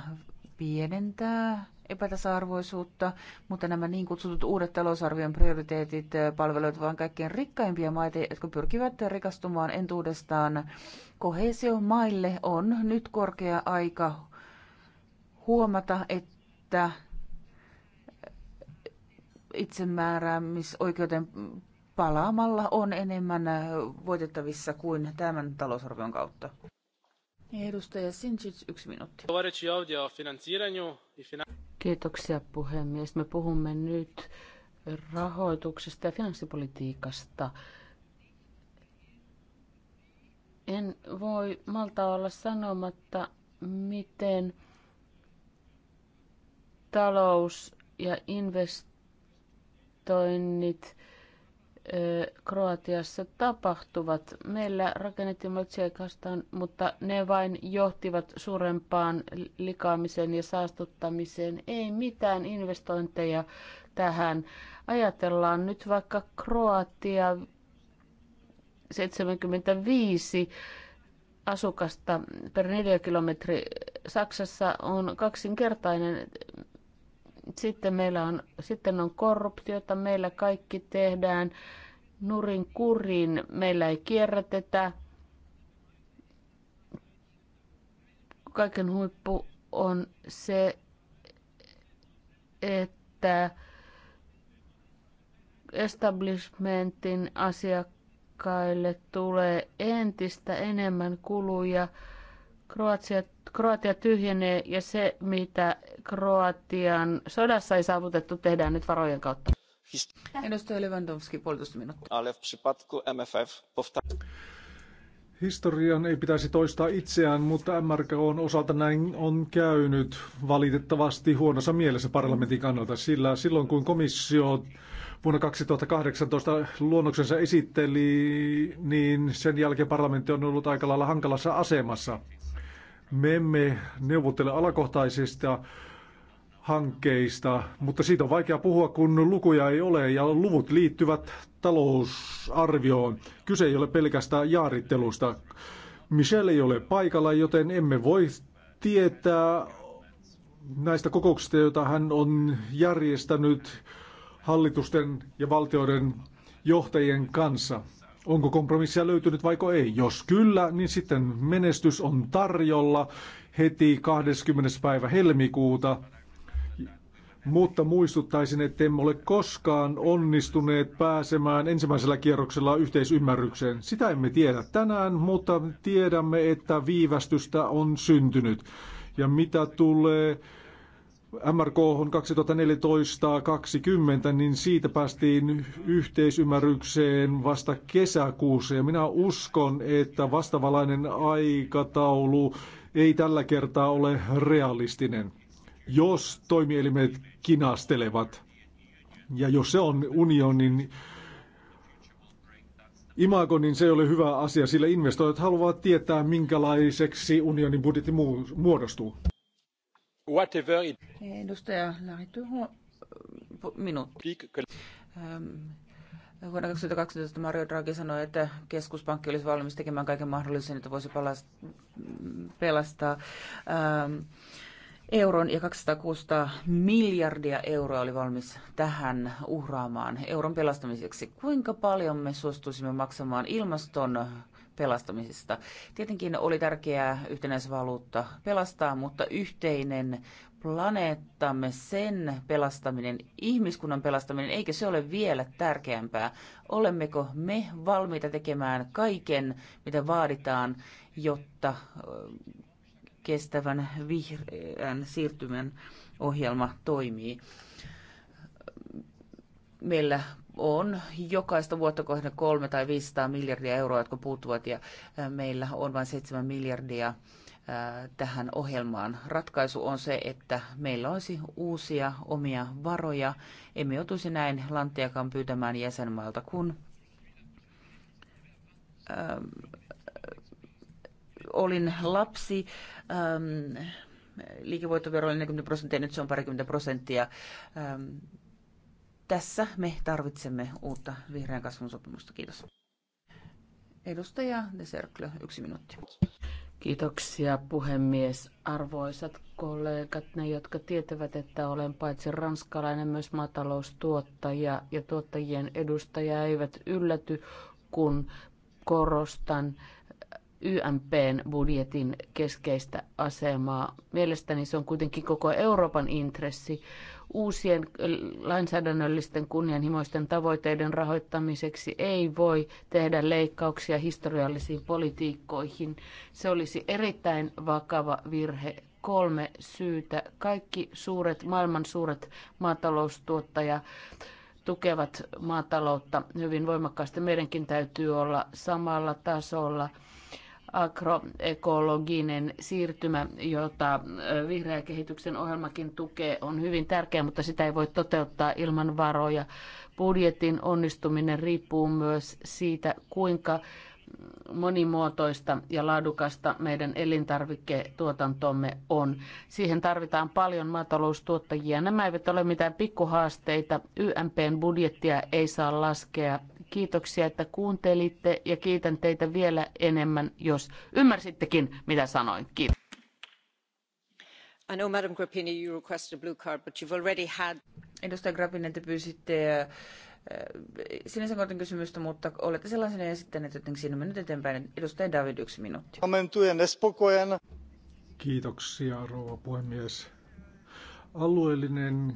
pienentää epätasa-arvoisuutta, mutta nämä niin kutsutut uudet talousarvion prioriteetit palvelevat vain kaikkien rikkaimpia maita, jotka pyrkivät rikastumaan entuudestaan. Kohesiomaille on nyt korkea aika huomata, että itsemääräämisoikeuden palaamalla on enemmän voitettavissa kuin tämän talousarvion kautta. Edustaja Sinčić, yksi minuutti. Kiitoksia puhemies. Me puhumme nyt rahoituksesta ja finanssipolitiikasta. En voi malta olla sanomatta, miten talous ja investoinnit – Kroatiassa tapahtuvat. Meillä rakennettiin Motsiekastaan, mutta ne vain johtivat suurempaan likaamiseen ja saastuttamiseen. Ei mitään investointeja tähän. Ajatellaan nyt vaikka Kroatia 75 asukasta per kilometri. Saksassa on kaksinkertainen sitten, meillä on, sitten on korruptiota, meillä kaikki tehdään nurin kurin, meillä ei kierrätetä. Kaiken huippu on se, että establishmentin asiakkaille tulee entistä enemmän kuluja Kroatia, Kroatia tyhjenee ja se, mitä Kroatian sodassa ei saavutettu, tehdään nyt varojen kautta. Edustaja Lewandowski, puolitoista minuuttia. Ale MFF Historian ei pitäisi toistaa itseään, mutta MRK on osalta näin on käynyt valitettavasti huonossa mielessä parlamentin kannalta, sillä silloin kun komissio vuonna 2018 luonnoksensa esitteli, niin sen jälkeen parlamentti on ollut aika lailla hankalassa asemassa. Me emme neuvottele alakohtaisista hankkeista, mutta siitä on vaikea puhua, kun lukuja ei ole ja luvut liittyvät talousarvioon. Kyse ei ole pelkästään jaarittelusta. Michelle ei ole paikalla, joten emme voi tietää näistä kokouksista, joita hän on järjestänyt hallitusten ja valtioiden johtajien kanssa. Onko kompromissia löytynyt vaiko ei? Jos kyllä, niin sitten menestys on tarjolla heti 20. päivä helmikuuta. Mutta muistuttaisin, että emme ole koskaan onnistuneet pääsemään ensimmäisellä kierroksella yhteisymmärrykseen. Sitä emme tiedä tänään, mutta tiedämme, että viivästystä on syntynyt. Ja mitä tulee MRK on 2014-2020, niin siitä päästiin yhteisymmärrykseen vasta kesäkuussa. Ja minä uskon, että vastavalainen aikataulu ei tällä kertaa ole realistinen, jos toimielimet kinastelevat. Ja jos se on unionin imago, niin se ei ole hyvä asia, sillä investoijat haluavat tietää, minkälaiseksi unionin budjetti muodostuu. Whatever it... Edustaja Lähitty, minuutti. Ähm, vuonna 2012 Mario Draghi sanoi, että keskuspankki olisi valmis tekemään kaiken mahdollisen, että voisi pelastaa ähm, euron ja 206 miljardia euroa oli valmis tähän uhraamaan euron pelastamiseksi. Kuinka paljon me suostuisimme maksamaan ilmaston pelastamisesta. Tietenkin oli tärkeää yhtenäisvaluutta pelastaa, mutta yhteinen planeettamme, sen pelastaminen, ihmiskunnan pelastaminen, eikö se ole vielä tärkeämpää? Olemmeko me valmiita tekemään kaiken, mitä vaaditaan, jotta kestävän vihreän siirtymän ohjelma toimii? Meillä on jokaista vuotta kohden kolme tai 500 miljardia euroa, jotka puuttuvat, ja meillä on vain 7 miljardia tähän ohjelmaan. Ratkaisu on se, että meillä olisi uusia omia varoja. Emme joutuisi näin lanttiakaan pyytämään jäsenmailta, kun ähm, olin lapsi. Ähm, liikevoittovero oli 40 prosenttia, nyt se on parikymmentä prosenttia. Ähm, tässä me tarvitsemme uutta vihreän kasvun sopimusta. Kiitos. Edustaja Deserklö, yksi minuutti. Kiitoksia puhemies. Arvoisat kollegat, ne jotka tietävät, että olen paitsi ranskalainen myös maataloustuottaja ja tuottajien edustaja eivät ylläty, kun korostan YMPn budjetin keskeistä asemaa. Mielestäni se on kuitenkin koko Euroopan intressi uusien lainsäädännöllisten kunnianhimoisten tavoitteiden rahoittamiseksi ei voi tehdä leikkauksia historiallisiin politiikkoihin. Se olisi erittäin vakava virhe. Kolme syytä. Kaikki suuret, maailman suuret maataloustuottaja tukevat maataloutta hyvin voimakkaasti. Meidänkin täytyy olla samalla tasolla agroekologinen siirtymä, jota vihreä kehityksen ohjelmakin tukee, on hyvin tärkeä, mutta sitä ei voi toteuttaa ilman varoja. Budjetin onnistuminen riippuu myös siitä, kuinka monimuotoista ja laadukasta meidän elintarviketuotantomme on. Siihen tarvitaan paljon maataloustuottajia. Nämä eivät ole mitään pikkuhaasteita. YMPn budjettia ei saa laskea Kiitoksia, että kuuntelitte ja kiitän teitä vielä enemmän, jos ymmärsittekin, mitä sanoin. Kiitos. I know, Madam Grappini, you requested a blue card, but you've already had... Edustaja Grappinen, te pyysitte äh, äh, sinänsä kortin kysymystä, mutta olette sellaisena esittäneet, joten siinä mennyt eteenpäin. Edustaja David, yksi minuutti. Kiitoksia, rouva puhemies. Alueellinen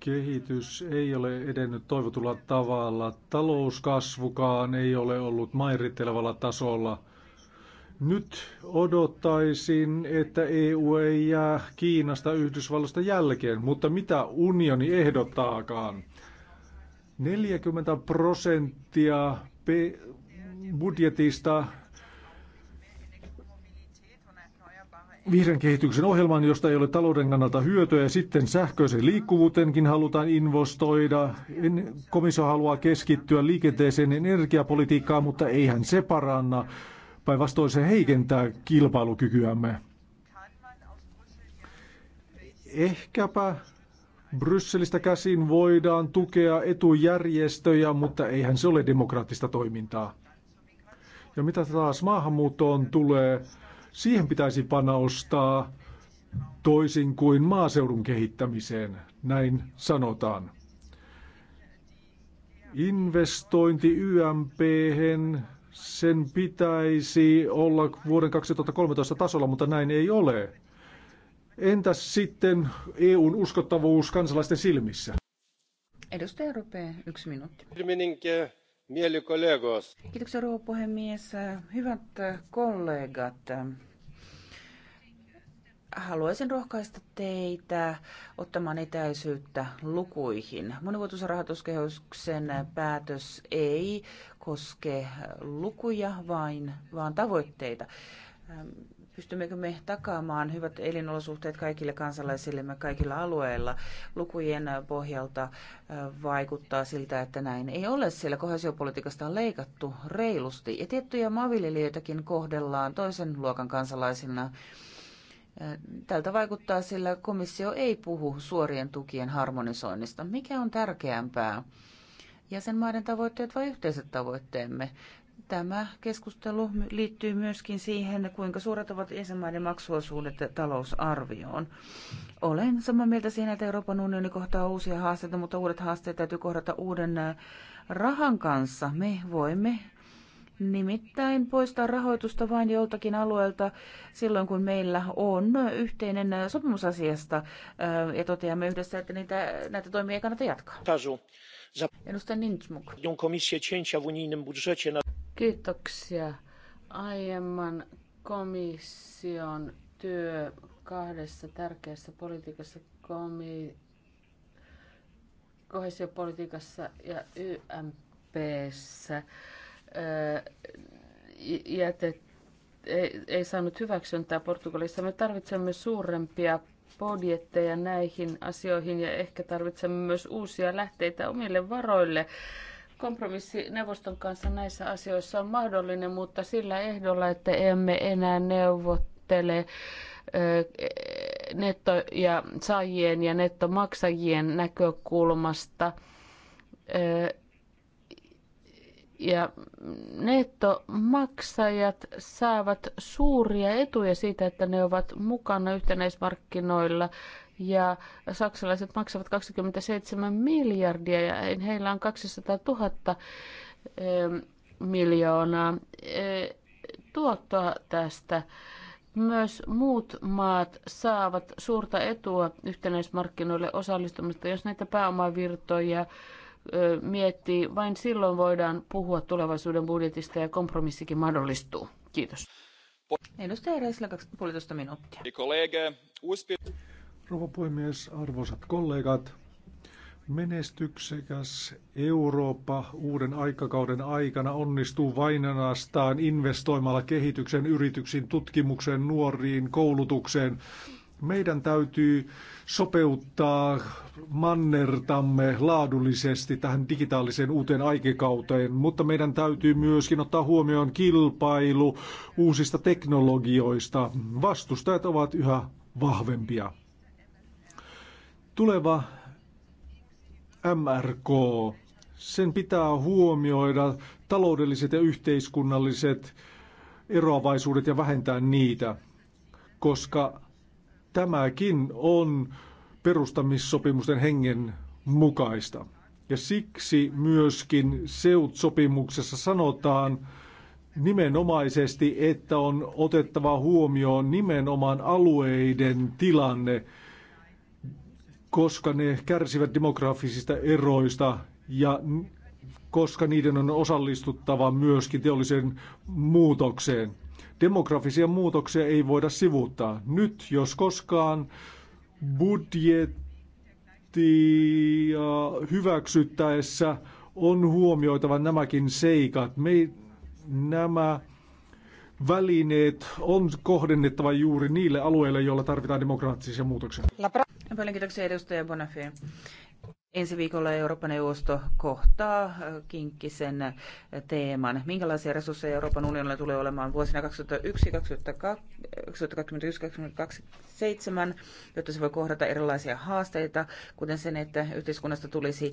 kehitys ei ole edennyt toivotulla tavalla. Talouskasvukaan ei ole ollut mairittelevalla tasolla. Nyt odottaisin, että EU ei jää Kiinasta Yhdysvalloista jälkeen, mutta mitä unioni ehdottaakaan? 40 prosenttia budjetista vihreän kehityksen ohjelman, josta ei ole talouden kannalta hyötyä, ja sitten sähköiseen liikkuvuuteenkin halutaan investoida. Komissio haluaa keskittyä liikenteeseen energiapolitiikkaan, mutta eihän se paranna. Päinvastoin se heikentää kilpailukykyämme. Ehkäpä Brysselistä käsin voidaan tukea etujärjestöjä, mutta eihän se ole demokraattista toimintaa. Ja mitä taas maahanmuuttoon tulee, Siihen pitäisi panostaa toisin kuin maaseudun kehittämiseen, näin sanotaan. Investointi YMP, sen pitäisi olla vuoden 2013 tasolla, mutta näin ei ole. Entäs sitten EUn uskottavuus kansalaisten silmissä? Edustaja Rupee, yksi minuutti. Mieli kollegos. Kiitoksia rouva puhemies. Hyvät kollegat, haluaisin rohkaista teitä ottamaan etäisyyttä lukuihin. Monivuotisen rahoituskehyksen päätös ei koske lukuja vain, vaan tavoitteita. Pystymmekö me takaamaan hyvät elinolosuhteet kaikille kansalaisillemme kaikilla alueilla? Lukujen äh, pohjalta äh, vaikuttaa siltä, että näin ei ole, siellä kohesiopolitiikasta on leikattu reilusti ja tiettyjä maanviljelijöitäkin kohdellaan toisen luokan kansalaisina. Äh, tältä vaikuttaa, sillä komissio ei puhu suorien tukien harmonisoinnista. Mikä on tärkeämpää? jäsenmaiden tavoitteet vai yhteiset tavoitteemme? Tämä keskustelu liittyy myöskin siihen, kuinka suuret ovat jäsenmaiden maksuosuudet talousarvioon. Olen samaa mieltä siinä, että Euroopan unioni kohtaa uusia haasteita, mutta uudet haasteet täytyy kohdata uuden äh, rahan kanssa. Me voimme Nimittäin poistaa rahoitusta vain joltakin alueelta silloin, kun meillä on yhteinen äh, sopimus asiasta äh, ja toteamme yhdessä, että niitä, näitä toimia ei kannata jatkaa. Edustaja Ninchmuk. cięcia w unijnym budżecie na Kiitoksia. Aiemman komission työ kahdessa tärkeässä politiikassa komi- kohesiopolitiikassa ja YMPssä jätet, ei, ei saanut hyväksyntää Portugalissa. Me tarvitsemme suurempia budjetteja näihin asioihin ja ehkä tarvitsemme myös uusia lähteitä omille varoille Kompromissi neuvoston kanssa näissä asioissa on mahdollinen, mutta sillä ehdolla, että emme enää neuvottele netto- ja saajien ja nettomaksajien näkökulmasta. Ja nettomaksajat saavat suuria etuja siitä, että ne ovat mukana yhtenäismarkkinoilla ja saksalaiset maksavat 27 miljardia ja heillä on 200 000 miljoonaa e, tuottoa tästä. Myös muut maat saavat suurta etua yhtenäismarkkinoille osallistumista, jos näitä pääomavirtoja miettii. Vain silloin voidaan puhua tulevaisuuden budjetista ja kompromissikin mahdollistuu. Kiitos. Edustaja Reisillä 2,5 minuuttia. Rouva puhemies, arvoisat kollegat, menestyksekäs Eurooppa uuden aikakauden aikana onnistuu vain ainoastaan investoimalla kehityksen yrityksiin, tutkimukseen, nuoriin, koulutukseen. Meidän täytyy sopeuttaa mannertamme laadullisesti tähän digitaaliseen uuteen aikakauteen, mutta meidän täytyy myöskin ottaa huomioon kilpailu uusista teknologioista. Vastustajat ovat yhä vahvempia. Tuleva MRK, sen pitää huomioida taloudelliset ja yhteiskunnalliset eroavaisuudet ja vähentää niitä, koska tämäkin on perustamissopimusten hengen mukaista. Ja siksi myöskin SEUT-sopimuksessa sanotaan nimenomaisesti, että on otettava huomioon nimenomaan alueiden tilanne koska ne kärsivät demografisista eroista ja koska niiden on osallistuttava myöskin teolliseen muutokseen. Demografisia muutoksia ei voida sivuuttaa. Nyt, jos koskaan, budjettia hyväksyttäessä on huomioitava nämäkin seikat. Me, nämä välineet on kohdennettava juuri niille alueille, joilla tarvitaan demokraattisia muutoksia. Paljon kiitoksia edustaja Bonafé. Ensi viikolla Euroopan neuvosto kohtaa äh, kinkkisen äh, teeman. Minkälaisia resursseja Euroopan unionilla tulee olemaan vuosina 2021, 2027, jotta se voi kohdata erilaisia haasteita, kuten sen, että yhteiskunnasta tulisi äh,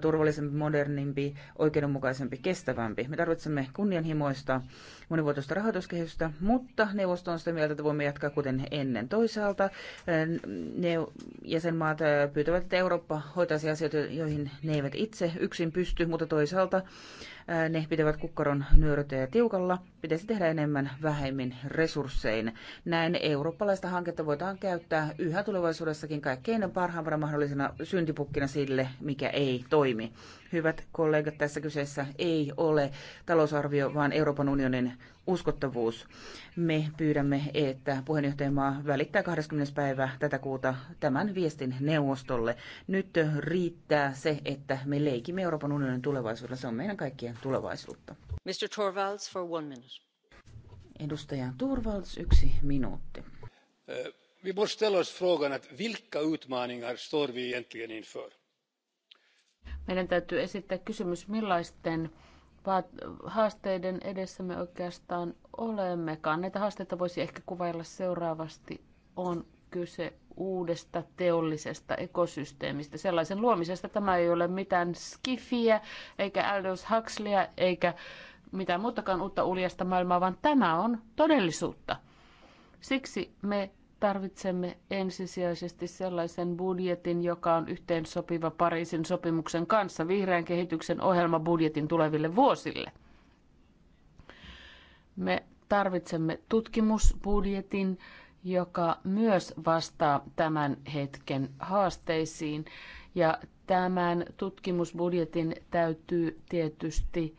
turvallisempi, modernimpi, oikeudenmukaisempi, kestävämpi. Me tarvitsemme kunnianhimoista monivuotoista rahoituskehystä, mutta neuvosto on sitä mieltä, että voimme jatkaa kuten ennen. Toisaalta ne jäsenmaat pyytävät, että Eurooppa hoitaisi asioita, joihin ne eivät itse yksin pysty, mutta toisaalta ne pitävät kukkaron ja tiukalla. Pitäisi tehdä enemmän vähemmin resurssein. Näin eurooppalaista hanketta voidaan käyttää yhä tulevaisuudessakin kaikkein parhaimpana mahdollisena syntipukkina sille, mikä ei toimi. Hyvät kollegat, tässä kyseessä ei ole talousarvio, vaan Euroopan unionin uskottavuus. Me pyydämme, että puheenjohtajamaa välittää 20. päivä tätä kuuta tämän viestin neuvostolle. Nyt riittää se, että me leikimme Euroopan unionin tulevaisuudessa. Se on meidän kaikkien yhteistyön tulevaisuutta. Mr. Torvalds for one minute. Edustaja Torvalds, yksi minuutti. vi måste ställa oss frågan att vilka utmaningar står vi egentligen inför? Meidän täytyy esittää kysymys, millaisten haasteiden edessä me oikeastaan olemmekaan. Näitä haasteita voisi ehkä kuvailla seuraavasti. On kyse uudesta teollisesta ekosysteemistä. Sellaisen luomisesta tämä ei ole mitään skifiä, eikä Aldous Huxleya, eikä mitään muutakaan uutta uljasta maailmaa, vaan tämä on todellisuutta. Siksi me tarvitsemme ensisijaisesti sellaisen budjetin, joka on yhteensopiva Pariisin sopimuksen kanssa vihreän kehityksen ohjelmabudjetin tuleville vuosille. Me tarvitsemme tutkimusbudjetin, joka myös vastaa tämän hetken haasteisiin. Ja tämän tutkimusbudjetin täytyy tietysti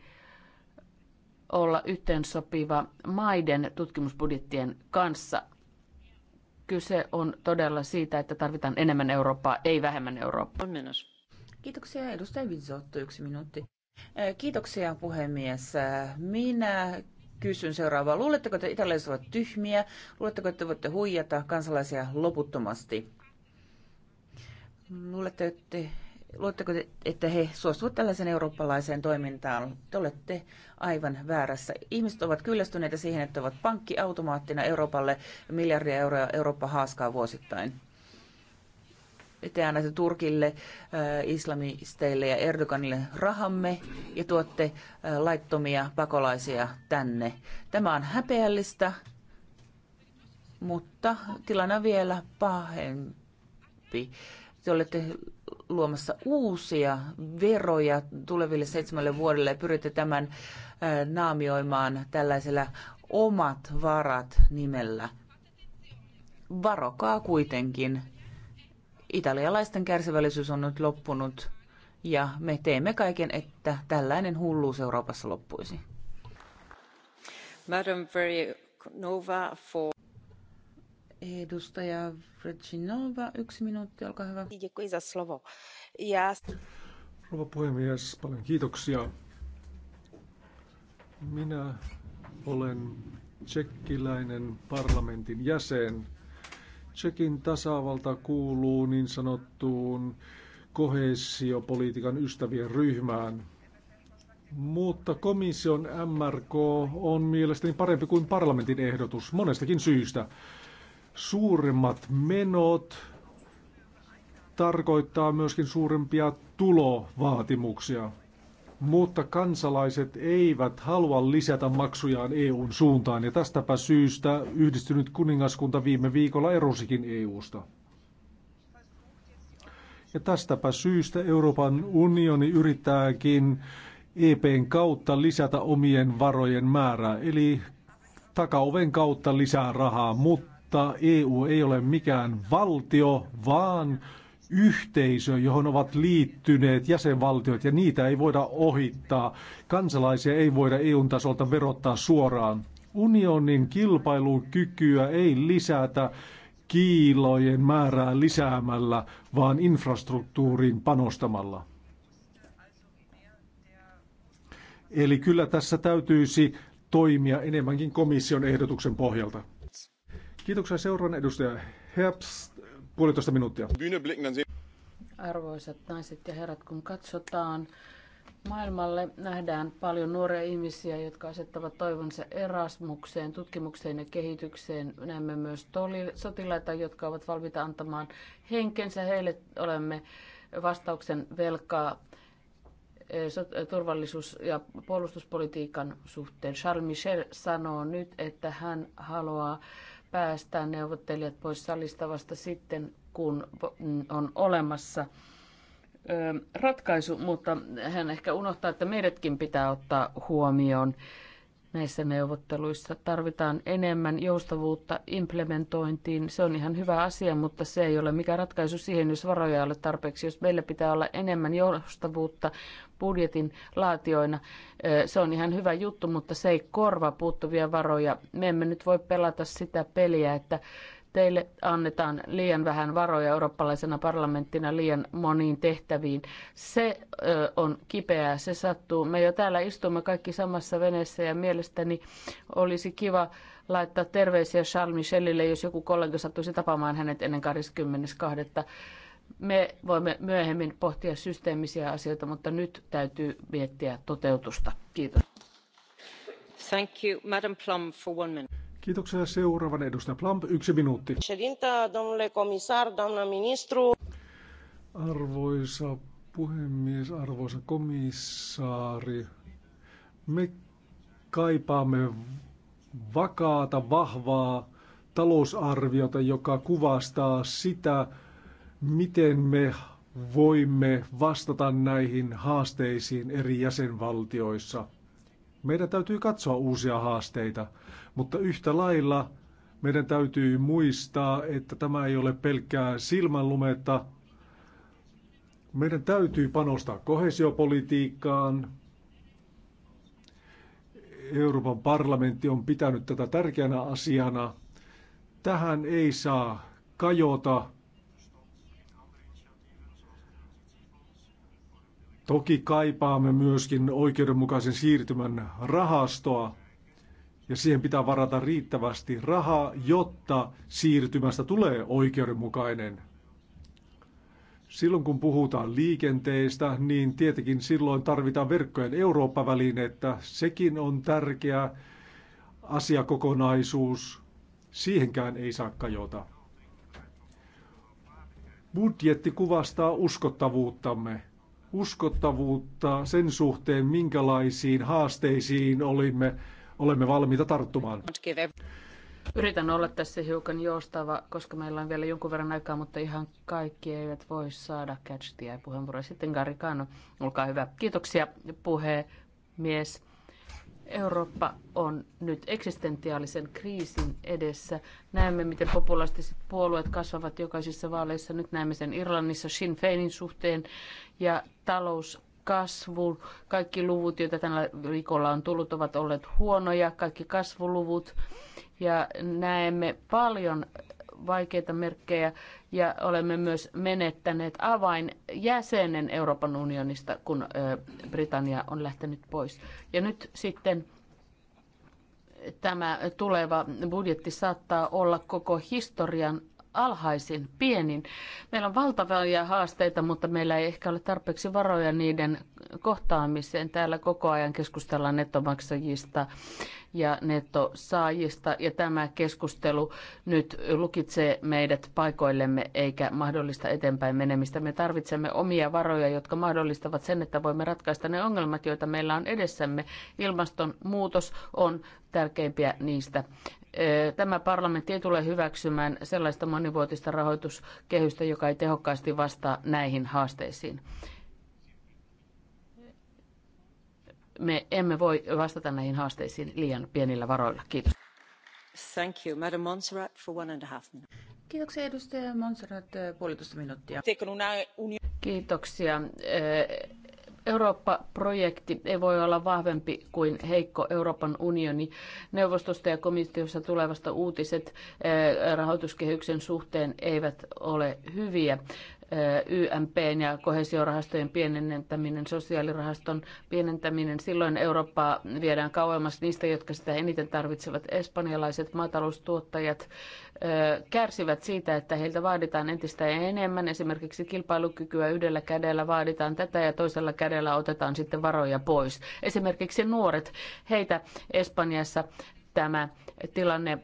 olla yhteensopiva maiden tutkimusbudjettien kanssa. Kyse on todella siitä, että tarvitaan enemmän Eurooppaa, ei vähemmän Eurooppaa. Kiitoksia edustaja Vizotto, yksi minuutti. Kiitoksia puhemies. Minä kysyn seuraavaa. Luuletteko, että italialaiset ovat tyhmiä? Luuletteko, että voitte huijata kansalaisia loputtomasti? Luuletteko, että Luuletteko, että he suostuvat tällaiseen eurooppalaiseen toimintaan? Te olette aivan väärässä. Ihmiset ovat kyllästyneitä siihen, että ovat pankkiautomaattina Euroopalle miljardia euroa Eurooppa haaskaa vuosittain te annatte Turkille, äh, islamisteille ja Erdoganille rahamme ja tuotte äh, laittomia pakolaisia tänne. Tämä on häpeällistä, mutta tilanne on vielä pahempi. Te olette luomassa uusia veroja tuleville seitsemälle vuodelle ja pyritte tämän äh, naamioimaan tällaisella omat varat nimellä. Varokaa kuitenkin Italialaisten kärsivällisyys on nyt loppunut ja me teemme kaiken, että tällainen hulluus Euroopassa loppuisi. Madam Nova for... Edustaja Vrečinova, yksi minuutti, olkaa hyvä. Děkuji Rouva puhemies, paljon kiitoksia. Minä olen tsekkiläinen parlamentin jäsen Tsekin tasavalta kuuluu niin sanottuun kohesiopolitiikan ystävien ryhmään. Mutta komission MRK on mielestäni parempi kuin parlamentin ehdotus monestakin syystä. Suuremmat menot tarkoittaa myöskin suurempia tulovaatimuksia mutta kansalaiset eivät halua lisätä maksujaan EUn suuntaan ja tästäpä syystä yhdistynyt kuningaskunta viime viikolla erosikin EUsta. Ja tästäpä syystä Euroopan unioni yrittääkin EPn kautta lisätä omien varojen määrää, eli takaoven kautta lisää rahaa, mutta EU ei ole mikään valtio, vaan yhteisö, johon ovat liittyneet jäsenvaltiot, ja niitä ei voida ohittaa. Kansalaisia ei voida eu tasolta verottaa suoraan. Unionin kilpailukykyä ei lisätä kiilojen määrää lisäämällä, vaan infrastruktuuriin panostamalla. Eli kyllä tässä täytyisi toimia enemmänkin komission ehdotuksen pohjalta. Kiitoksia seuraavan edustaja Herbst. Puolitoista minuuttia. Arvoisat naiset ja herrat, kun katsotaan maailmalle, nähdään paljon nuoria ihmisiä, jotka asettavat toivonsa erasmukseen, tutkimukseen ja kehitykseen. Näemme myös sotilaita, jotka ovat valmiita antamaan henkensä. Heille olemme vastauksen velkaa eh, turvallisuus- ja puolustuspolitiikan suhteen. Charles Michel sanoo nyt, että hän haluaa päästää neuvottelijat pois salista vasta sitten, kun mm, on olemassa ratkaisu, mutta hän ehkä unohtaa, että meidätkin pitää ottaa huomioon näissä neuvotteluissa. Tarvitaan enemmän joustavuutta implementointiin. Se on ihan hyvä asia, mutta se ei ole mikään ratkaisu siihen, jos varoja ei ole tarpeeksi. Jos meillä pitää olla enemmän joustavuutta budjetin laatioina, se on ihan hyvä juttu, mutta se ei korva puuttuvia varoja. Me emme nyt voi pelata sitä peliä, että Teille annetaan liian vähän varoja eurooppalaisena parlamenttina liian moniin tehtäviin. Se ö, on kipeää, se sattuu. Me jo täällä istumme kaikki samassa veneessä ja mielestäni olisi kiva laittaa terveisiä Charles Michelille, jos joku kollega sattuisi tapaamaan hänet ennen 22. Me voimme myöhemmin pohtia systeemisiä asioita, mutta nyt täytyy miettiä toteutusta. Kiitos. Thank you, Madam Plum, for one minute Kiitoksia. Seuraavan edustaja Plump, yksi minuutti. Arvoisa puhemies, arvoisa komissaari, me kaipaamme vakaata, vahvaa talousarviota, joka kuvastaa sitä, miten me voimme vastata näihin haasteisiin eri jäsenvaltioissa – meidän täytyy katsoa uusia haasteita, mutta yhtä lailla meidän täytyy muistaa, että tämä ei ole pelkkää silmänlumetta. Meidän täytyy panostaa kohesiopolitiikkaan. Euroopan parlamentti on pitänyt tätä tärkeänä asiana. Tähän ei saa kajota Toki kaipaamme myöskin oikeudenmukaisen siirtymän rahastoa, ja siihen pitää varata riittävästi rahaa, jotta siirtymästä tulee oikeudenmukainen. Silloin kun puhutaan liikenteestä, niin tietenkin silloin tarvitaan verkkojen Eurooppa-välinettä. Sekin on tärkeä asiakokonaisuus. Siihenkään ei saa kajota. Budjetti kuvastaa uskottavuuttamme uskottavuutta sen suhteen, minkälaisiin haasteisiin olimme, olemme valmiita tarttumaan. Yritän olla tässä hiukan joustava, koska meillä on vielä jonkun verran aikaa, mutta ihan kaikki eivät voi saada catch puheenvuoroa. Sitten Gari Kano, olkaa hyvä. Kiitoksia puhemies. Eurooppa on nyt eksistentiaalisen kriisin edessä. Näemme, miten populistiset puolueet kasvavat jokaisissa vaaleissa. Nyt näemme sen Irlannissa Sinn Feinin suhteen ja talous kasvu. Kaikki luvut, joita tällä viikolla on tullut, ovat olleet huonoja, kaikki kasvuluvut. Ja näemme paljon vaikeita merkkejä ja olemme myös menettäneet avain jäsenen Euroopan unionista, kun Britannia on lähtenyt pois. Ja nyt sitten tämä tuleva budjetti saattaa olla koko historian alhaisin, pienin. Meillä on valtavia haasteita, mutta meillä ei ehkä ole tarpeeksi varoja niiden kohtaamiseen. Täällä koko ajan keskustellaan nettomaksajista ja nettosaajista, ja tämä keskustelu nyt lukitsee meidät paikoillemme eikä mahdollista eteenpäin menemistä. Me tarvitsemme omia varoja, jotka mahdollistavat sen, että voimme ratkaista ne ongelmat, joita meillä on edessämme. Ilmastonmuutos on tärkeimpiä niistä. Tämä parlamentti ei tule hyväksymään sellaista monivuotista rahoituskehystä, joka ei tehokkaasti vastaa näihin haasteisiin. Me emme voi vastata näihin haasteisiin liian pienillä varoilla. Kiitos. Thank you. Madam Montserrat for one and a half minutes. Kiitoksia edustaja Montserrat, puolitoista minuuttia. Kiitoksia. Eurooppa-projekti ei voi olla vahvempi kuin heikko Euroopan unioni. Neuvostosta ja komissiossa tulevasta uutiset eh, rahoituskehyksen suhteen eivät ole hyviä. YMPn ja kohesiorahastojen pienentäminen, sosiaalirahaston pienentäminen. Silloin Eurooppaa viedään kauemmas niistä, jotka sitä eniten tarvitsevat. Espanjalaiset maataloustuottajat kärsivät siitä, että heiltä vaaditaan entistä enemmän. Esimerkiksi kilpailukykyä yhdellä kädellä vaaditaan tätä ja toisella kädellä otetaan sitten varoja pois. Esimerkiksi nuoret, heitä Espanjassa tämä tilanne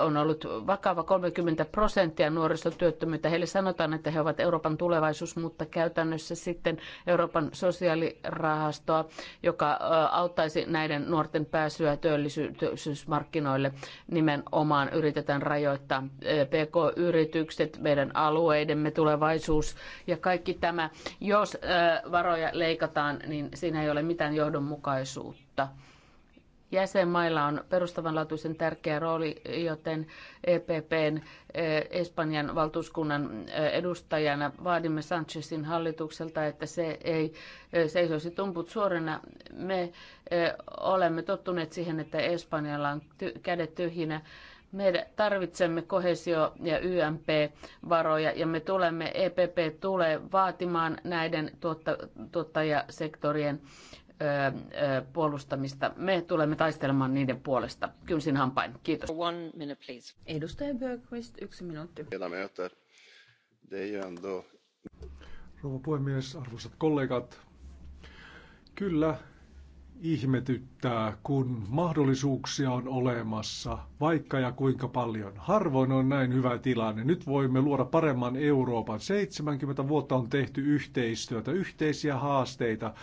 on ollut vakava. 30 prosenttia nuorisotyöttömyyttä. Heille sanotaan, että he ovat Euroopan tulevaisuus, mutta käytännössä sitten Euroopan sosiaalirahastoa, joka auttaisi näiden nuorten pääsyä työllisyysmarkkinoille, nimenomaan yritetään rajoittaa PK-yritykset, meidän alueidemme tulevaisuus ja kaikki tämä. Jos varoja leikataan, niin siinä ei ole mitään johdonmukaisuutta jäsenmailla on perustavanlaatuisen tärkeä rooli, joten EPPn e, Espanjan valtuuskunnan e, edustajana vaadimme Sanchezin hallitukselta, että se ei e, seisoisi tumput suorana. Me olemme tottuneet siihen, että Espanjalla on ty- kädet tyhjinä. Me tarvitsemme kohesio- ja YMP-varoja ja me tulemme, EPP tulee vaatimaan näiden tuotta, tuottajasektorien puolustamista. Me tulemme taistelemaan niiden puolesta. Kynsin hampain. Kiitos. One minute, please. Edustaja Bergqvist, yksi minuutti. Rouva puhemies, arvoisat kollegat. Kyllä, ihmetyttää, kun mahdollisuuksia on olemassa, vaikka ja kuinka paljon. Harvoin on näin hyvä tilanne. Nyt voimme luoda paremman Euroopan. 70 vuotta on tehty yhteistyötä, yhteisiä haasteita.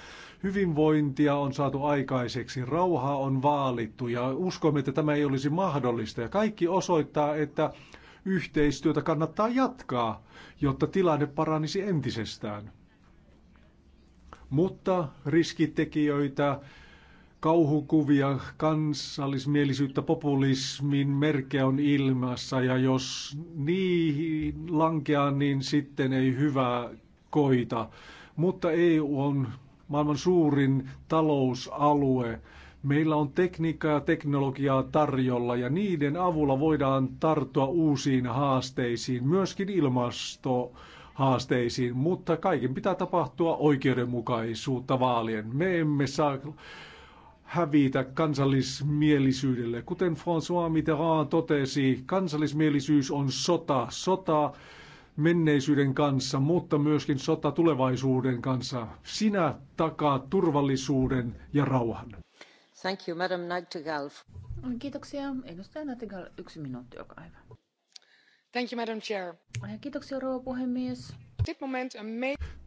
Hyvinvointia on saatu aikaiseksi, rauhaa on vaalittu ja uskomme, että tämä ei olisi mahdollista. Ja kaikki osoittaa, että yhteistyötä kannattaa jatkaa, jotta tilanne paranisi entisestään mutta riskitekijöitä kauhukuvia, kansallismielisyyttä, populismin merkeä on ilmassa ja jos niihin lankeaa, niin sitten ei hyvää koita. Mutta EU on maailman suurin talousalue. Meillä on tekniikkaa ja teknologiaa tarjolla ja niiden avulla voidaan tarttua uusiin haasteisiin, myöskin ilmasto haasteisiin, mutta kaiken pitää tapahtua oikeudenmukaisuutta vaalien. Me emme saa hävitä kansallismielisyydelle. Kuten François Mitterrand totesi, kansallismielisyys on sota. Sota menneisyyden kanssa, mutta myöskin sota tulevaisuuden kanssa. Sinä takaa turvallisuuden ja rauhan. Thank you, Madam Nightingale. Kiitoksia. Edustaja Nightingale, yksi minuutti, joka hyvä. Thank you, Madam Chair. Kiitoksia, rouva puhemies.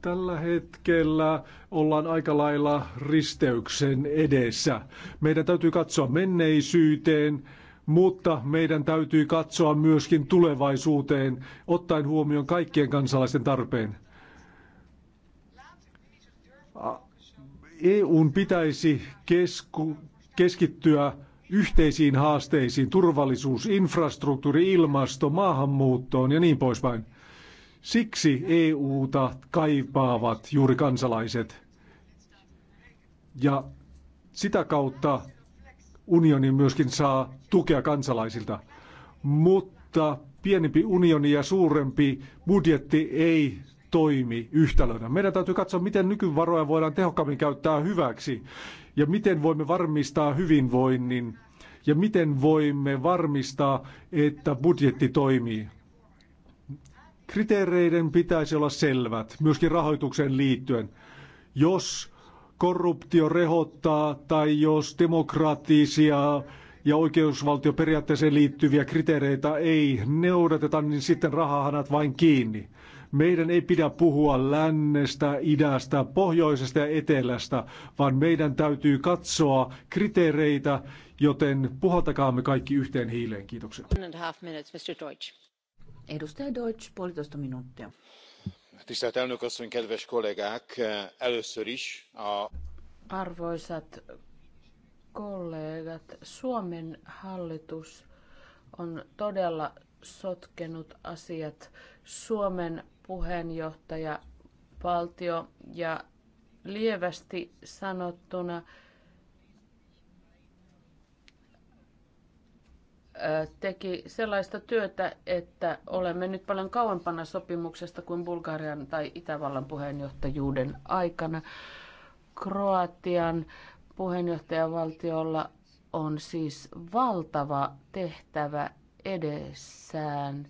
Tällä hetkellä ollaan aika lailla risteyksen edessä. Meidän täytyy katsoa menneisyyteen, mutta meidän täytyy katsoa myöskin tulevaisuuteen, ottaen huomioon kaikkien kansalaisten tarpeen. EUn pitäisi kesku, keskittyä yhteisiin haasteisiin, turvallisuus, infrastruktuuri, ilmasto, maahanmuuttoon ja niin poispäin. Siksi EUta kaipaavat juuri kansalaiset. Ja sitä kautta unioni myöskin saa tukea kansalaisilta. Mutta pienempi unioni ja suurempi budjetti ei toimi yhtälönä. Meidän täytyy katsoa, miten nykyvaroja voidaan tehokkaammin käyttää hyväksi ja miten voimme varmistaa hyvinvoinnin ja miten voimme varmistaa, että budjetti toimii. Kriteereiden pitäisi olla selvät, myöskin rahoitukseen liittyen. Jos korruptio rehottaa tai jos demokraattisia ja oikeusvaltioperiaatteeseen liittyviä kriteereitä ei noudateta, niin sitten rahahanat vain kiinni. Meidän ei pidä puhua lännestä, idästä, pohjoisesta ja etelästä, vaan meidän täytyy katsoa kriteereitä, joten puhaltakaamme kaikki yhteen hiileen. Kiitoksia. Edustaja Deutsch, puolitoista minuuttia. Tisztelt elnök asszony, kedves kollégák, először is a... Arvoisat kollegat, Suomen hallitus on todella sotkenut asiat. Suomen puheenjohtaja, valtio ja lievästi sanottuna teki sellaista työtä, että olemme nyt paljon kauempana sopimuksesta kuin Bulgarian tai Itävallan puheenjohtajuuden aikana. Kroatian puheenjohtajavaltiolla on siis valtava tehtävä edessään.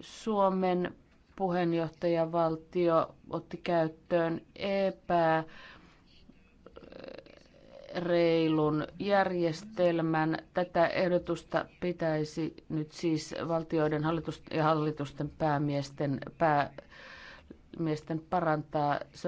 Suomen puheenjohtajavaltio otti käyttöön epä reilun järjestelmän. Tätä ehdotusta pitäisi nyt siis valtioiden hallitus ja hallitusten päämiesten, päämiesten parantaa. Se on